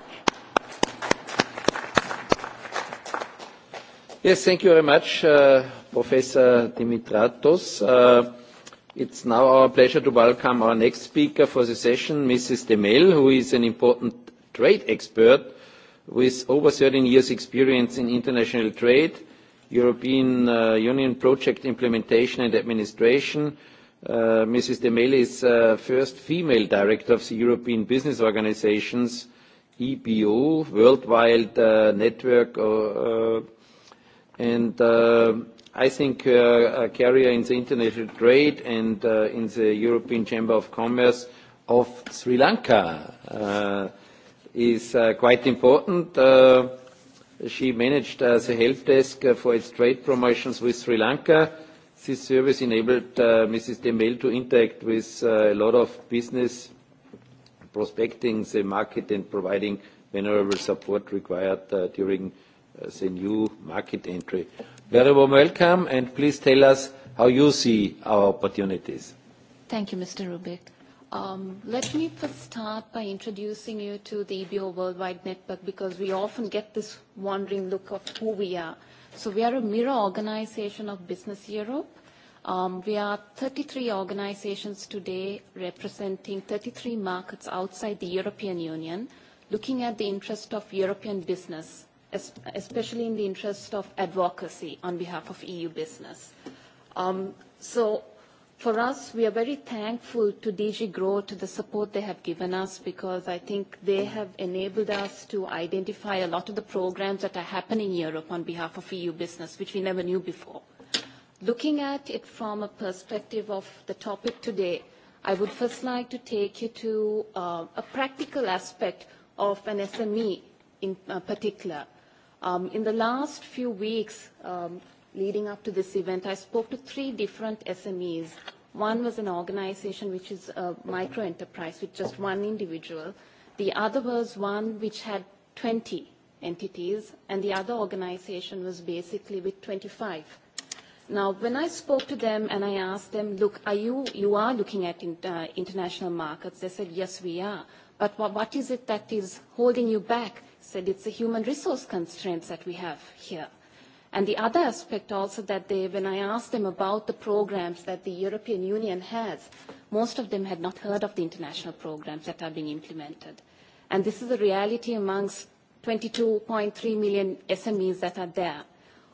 Yes, thank you very much, uh, Professor Dimitratos. It's now our pleasure to welcome our next speaker for the session, Mrs. De Mail, who is an important trade expert with over 13 years' experience in international trade, european uh, union project implementation and administration uh, mrs de mele is the uh, first female director of the european business organisation's ebo worldwide network and i think her career in the international trade and in the european chamber of commerce of sri lanka is quite important. She managed the uh, help desk uh, for its trade promotions with Sri Lanka. This service enabled uh, Mrs. de Mel to interact with a lot of business, prospecting the market and providing whenever support required during the new market entry. Very warm welcome, and please tell us how you see our opportunities. Thank you, Mr. Rupert. Um, let me first start by introducing you to the EBO Worldwide Network because we often get this wandering look of who we are. So we are a mirror organization of Business Europe. Um, we are 33 organizations today representing 33 markets outside the European Union, looking at the interest of European business, especially in the interest of advocacy on behalf of EU business. Um, so For us, we are very thankful to DG Grow, to the support they have given us, because I think they have enabled us to identify a lot of the programs that are happening in Europe on behalf of EU business, which we never knew before. Looking at it from a perspective of the topic today, I would first like to take you to uh, a practical aspect of an SME in uh, particular. Um, in the last few weeks, um, leading up to this event, I spoke to three different SMEs. One was an organization which is a micro enterprise with just one individual. The other was one which had 20 entities, and the other organization was basically with 25. Now, when I spoke to them and I asked them, look, are you, you are looking at in, uh, international markets, they said, yes, we are. But what, what is it that is holding you back? said, it's a human resource constraints that we have here. And the other aspect also that they, when I asked them about the programs that the European Union has, most of them had not heard of the international programs that are being implemented. And this is a reality amongst 22.3 million SMEs that are there.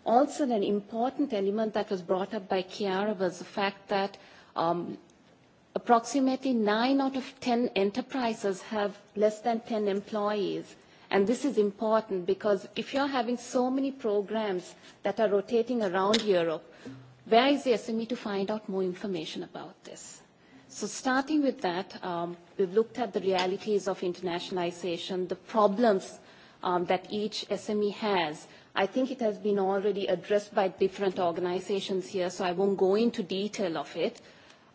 Also, an important element that was brought up by Chiara was the fact that um, approximately 9 out of 10 enterprises have less than 10 employees. And this is important because if you're having so many programs that are rotating around Europe, where is the SME to find out more information about this? So starting with that, um, we've looked at the realities of internationalization, the problems um, that each SME has. I think it has been already addressed by different organizations here, so I won't go into detail of it.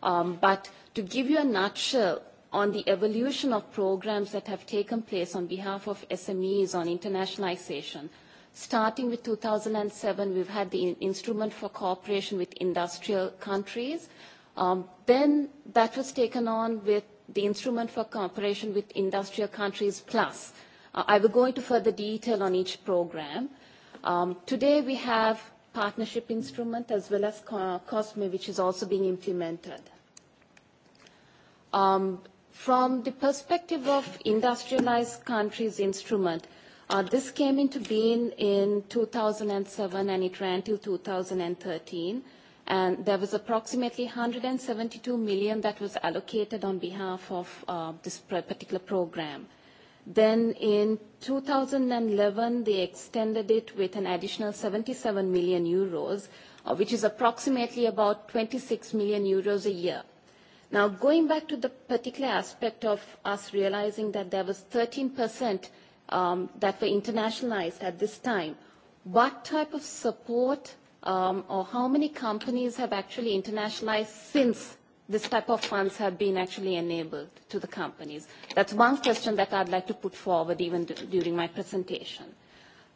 Um, but to give you a nutshell, on the evolution of programs that have taken place on behalf of SMEs on internationalization. Starting with 2007, we've had the in instrument for cooperation with industrial countries. Um, then that was taken on with the instrument for cooperation with industrial countries plus. Uh, I will go into further detail on each program. Um, today we have partnership instrument as well as COSME, which is also being implemented. Um, From the perspective of industrialized countries instrument, uh, this came into being in 2007, and it ran till 2013, and there was approximately $172 million that was allocated on behalf of uh, this particular program. Then in 2011, they extended it with an additional 77 million euros, uh, which is approximately about 26 million euros a year. Now, going back to the particular aspect of us realizing that there was 13% um, that were internationalized at this time, what type of support um, or how many companies have actually internationalized since this type of funds have been actually enabled to the companies? That's one question that I'd like to put forward even during my presentation.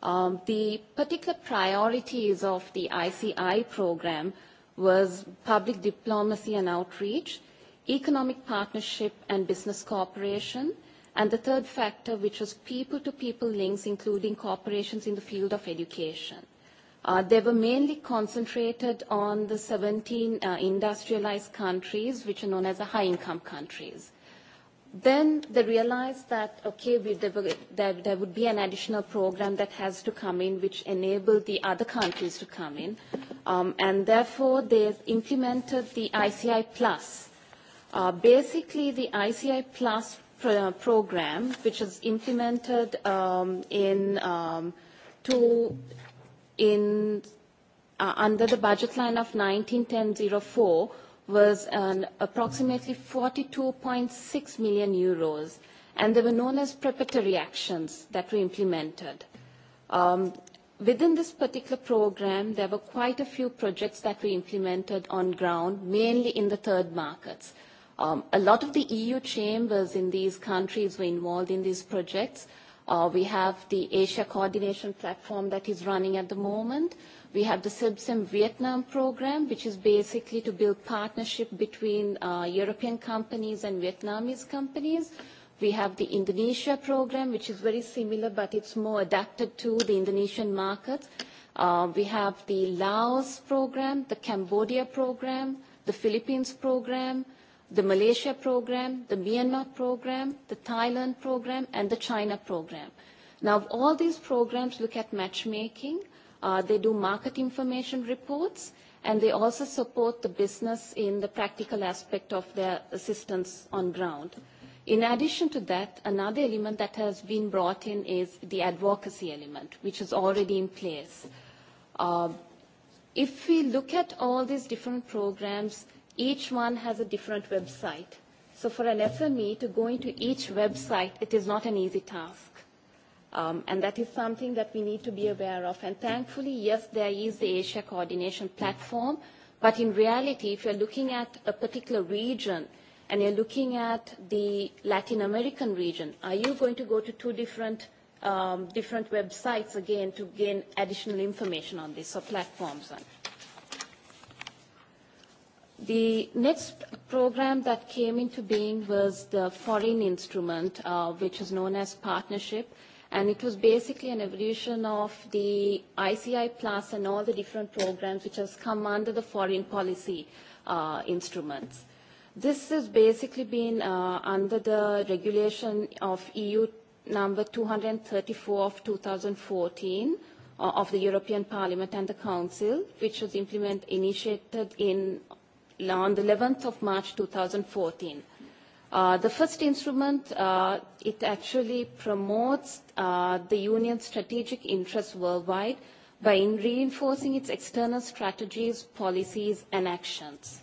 Um, the particular priorities of the ICI program was public diplomacy and outreach, economic partnership and business cooperation, and the third factor, which was people-to-people links, including corporations in the field of education. Uh, they were mainly concentrated on the 17 uh, industrialized countries, which are known as the high-income countries. Then they realized that, okay, we, there, were, there, there would be an additional program that has to come in, which enabled the other countries to come in. Um, and therefore, they implemented the ICI Plus. Uh, basically, the ICI Plus program, which is implemented um, in um, two in uh, under the budget line of 1910-04, was an approximately 42.6 million euros, and they were known as preparatory actions that were implemented. Um, within this particular program, there were quite a few projects that were implemented on ground, mainly in the third markets. Um, a lot of the EU chambers in these countries were involved in these projects. Uh, we have the Asia Coordination Platform that is running at the moment. We have the SIBSIM Vietnam program, which is basically to build partnership between uh, European companies and Vietnamese companies. We have the Indonesia program, which is very similar, but it's more adapted to the Indonesian market. Uh, we have the Laos program, the Cambodia program, the Philippines program, uh, the Malaysia program, the Myanmar program, the Thailand program, and the China program. Now, all these programs look at matchmaking. Uh, they do market information reports, and they also support the business in the practical aspect of their assistance on ground. In addition to that, another element that has been brought in is the advocacy element, which is already in place. Uh, if we look at all these different programs, each one has a different website. So for an SME to go into each website, it is not an easy task. Um, and that is something that we need to be aware of. And thankfully, yes, there is the Asia coordination platform. But in reality, if you're looking at a particular region and you're looking at the Latin American region, are you going to go to two different, um, different websites again to gain additional information on this or platforms? On it? The next program that came into being was the foreign instrument, uh, which is known as partnership. And it was basically an evolution of the ICI Plus and all the different programs which has come under the foreign policy uh, instruments. This has basically been uh, under the regulation of EU number 234 of 2014 uh, of the European Parliament and the Council, which was implement- initiated in on the 11th of March 2014. Uh, the first instrument, uh, it actually promotes uh, the union's strategic interests worldwide by in reinforcing its external strategies, policies, and actions.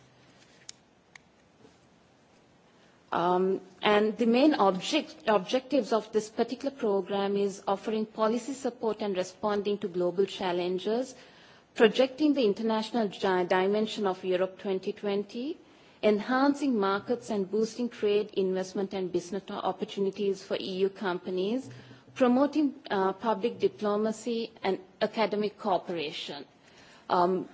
Um, and the main object, objectives of this particular program is offering policy support and responding to global challenges uh, projecting the international dimension of Europe 2020, enhancing markets and boosting trade, investment, and business opportunities for EU companies, promoting uh, public diplomacy and academic cooperation. Um,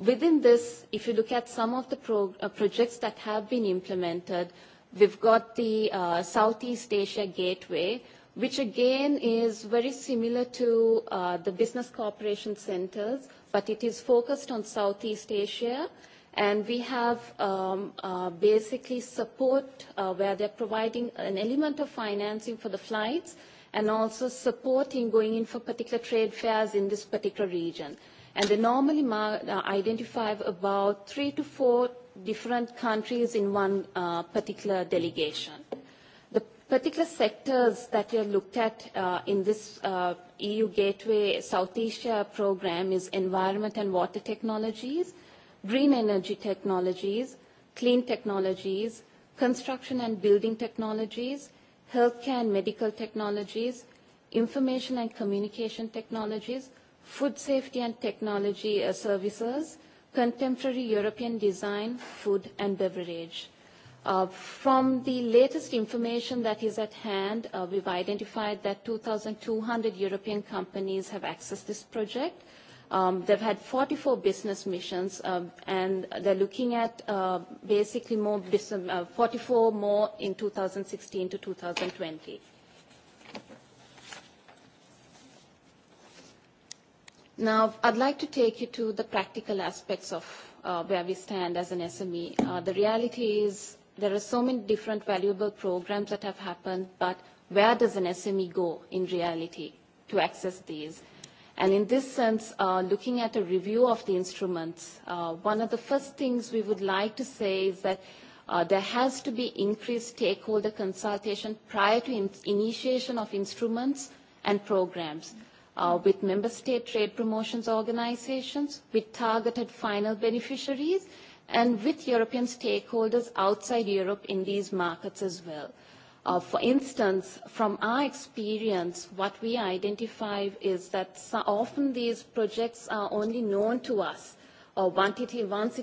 within this, if you look at some of the uh, projects that have been implemented, we've got the uh, Southeast Asia Gateway, which again is very similar to the business cooperation centers, but it is focused on Southeast Asia. And we have um, uh, basically support uh, where they're providing an element of financing for the flights and also supporting going in for particular trade fairs in this particular region. And they normally mar- uh, identify about three to four different countries in one uh, particular delegation. Okay particular sectors that you looked at uh, in this uh, EU Gateway South Asia program is environment and water technologies, green energy technologies, clean technologies, construction and building technologies, healthcare and medical technologies, information and communication technologies, food safety and technology uh, services, contemporary European design, food and beverage. Uh, Uh, from the latest information that is at hand, uh, we've identified that 2,200 European companies have accessed this project. Um, they've had 44 business missions, um, and they're looking at uh, basically more business, 44 more in 2016 to 2020. Now, I'd like to take you to the practical aspects of where we stand as an SME. The reality is, there are so many different valuable programs that have happened, but where does an SME go in reality to access these? And in this sense, uh, looking at a review of the instruments, uh, one of the first things we would like to say is that uh, there has to be increased stakeholder consultation prior to in initiation of instruments and programs uh, with member state trade promotions organizations, with targeted final beneficiaries, mm and with European stakeholders outside Europe in these markets as well. Uh, for instance, from our experience, what we identify is that so often these projects are only known to us or once it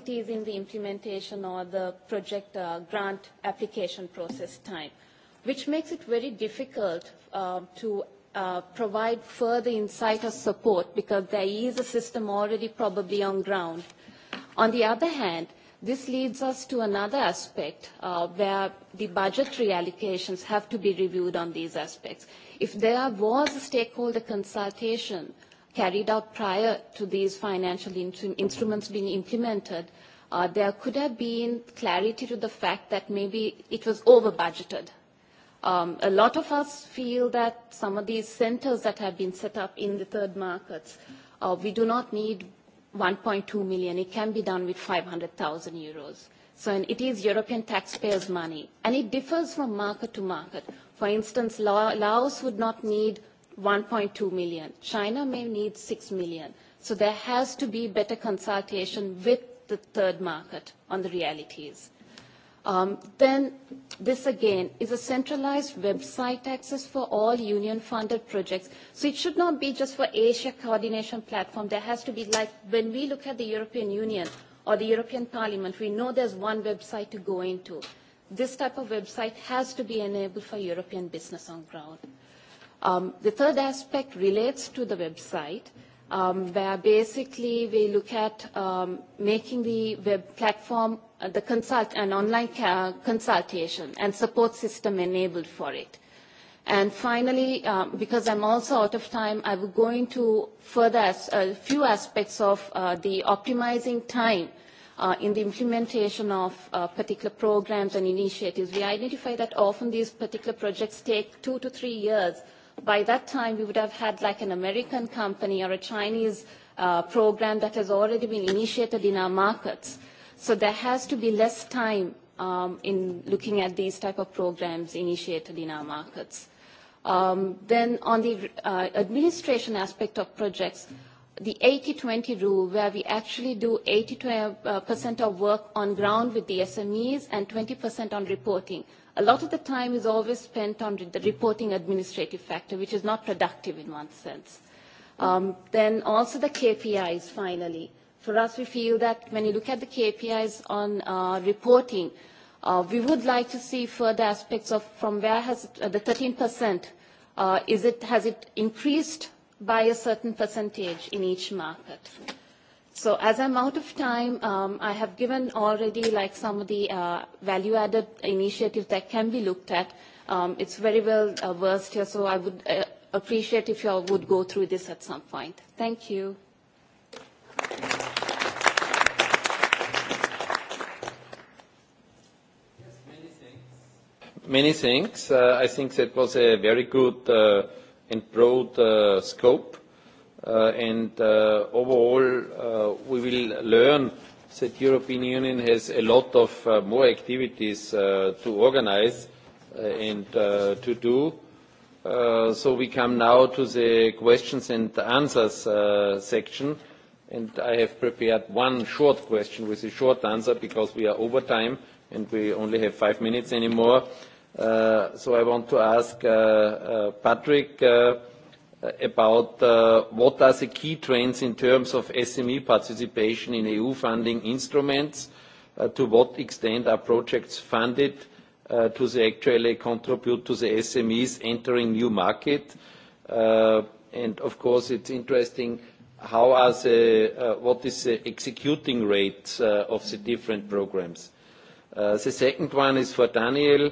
is in the implementation or the project uh, grant application process time, which makes it very difficult uh, to uh, provide further insight or support because there is a system already probably on ground On the other hand, this leads us to another aspect uh, where the budgetary allocations have to be reviewed on these aspects. If there was a stakeholder consultation carried out prior to these financial in instruments being implemented, uh, there could have been clarity to the fact that maybe it was over-budgeted. Um, a lot of us feel that some of these centers that have been set up in the third markets, uh, we do not need 1.2 million. It can be done with 500,000 euros. So and it is European taxpayers' money. And it differs from market to market. For instance, Laos would not need 1.2 million. China may need 6 million. So there has to be better consultation with the third market on the realities. Um, then this again is a centralized website access for all union funded projects. So it should not be just for Asia coordination platform. There has to be like when we look at the European Union or the European Parliament, we know there's one website to go into. This type of website has to be enabled for European business on ground. Um, the third aspect relates to the website um, where basically we look at um, making the web platform uh, the consult an online ca- consultation and support system enabled for it. And finally, um, because I'm also out of time, I will go into further as- a few aspects of uh, the optimizing time. Uh, in the implementation of uh, particular programs and initiatives, we identify that often these particular projects take two to three years uh, by that time, we would have had like an American company or a Chinese uh, program that has already been initiated in our markets. So there has to be less time um, in looking at these type of programs initiated in our markets. Um, then on the uh, administration aspect of projects, the 80-20 rule where we actually do 80% uh, of work on ground with the SMEs and 20% on reporting. A lot of the time is always spent on re the reporting administrative factor, which is not productive in one sense. Um, then also the KPIs, finally. For us, we feel that when you look at the KPIs on uh, reporting, uh, we would like to see further aspects of from where has it, uh, the 13%, uh, is it, has it increased by a certain percentage in each market? Uh, So as I'm out of time, um, I have given already like some of the uh, value-added initiatives that can be looked at. Um, it's very well uh, versed here, so I would uh, appreciate if you all would go through this at some point. Thank you. Many thanks. Uh, I think that was a very good uh, and broad uh, scope Uh, uh, overall, uh, we will learn that European Union has a lot of more activities to organize and to do. So we come now to the questions and answers section, and I have prepared one short question with a short answer because we are over time, and we only have five minutes anymore. So I want to ask Patrick Uh, about uh, what are the key trends in terms of SME participation in EU funding instruments? Uh, to what extent are projects funded to actually contribute to the SMEs entering new market? And of course, it's interesting, how are the what is the executing rate of the different programs? The second one is for Daniel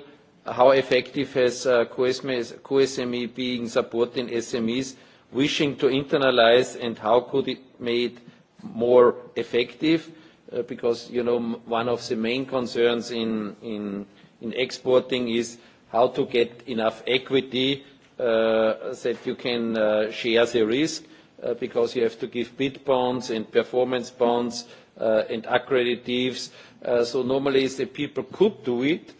how effective has QSME uh, e, been supporting SMEs wishing to internalize, and how could it made more effective? Uh, because, you know, one of the main concerns in exporting is how to get enough equity so uh, that you can share the risk, because you have to give bid bonds and performance bonds and accreditations. So normally, the people could do it,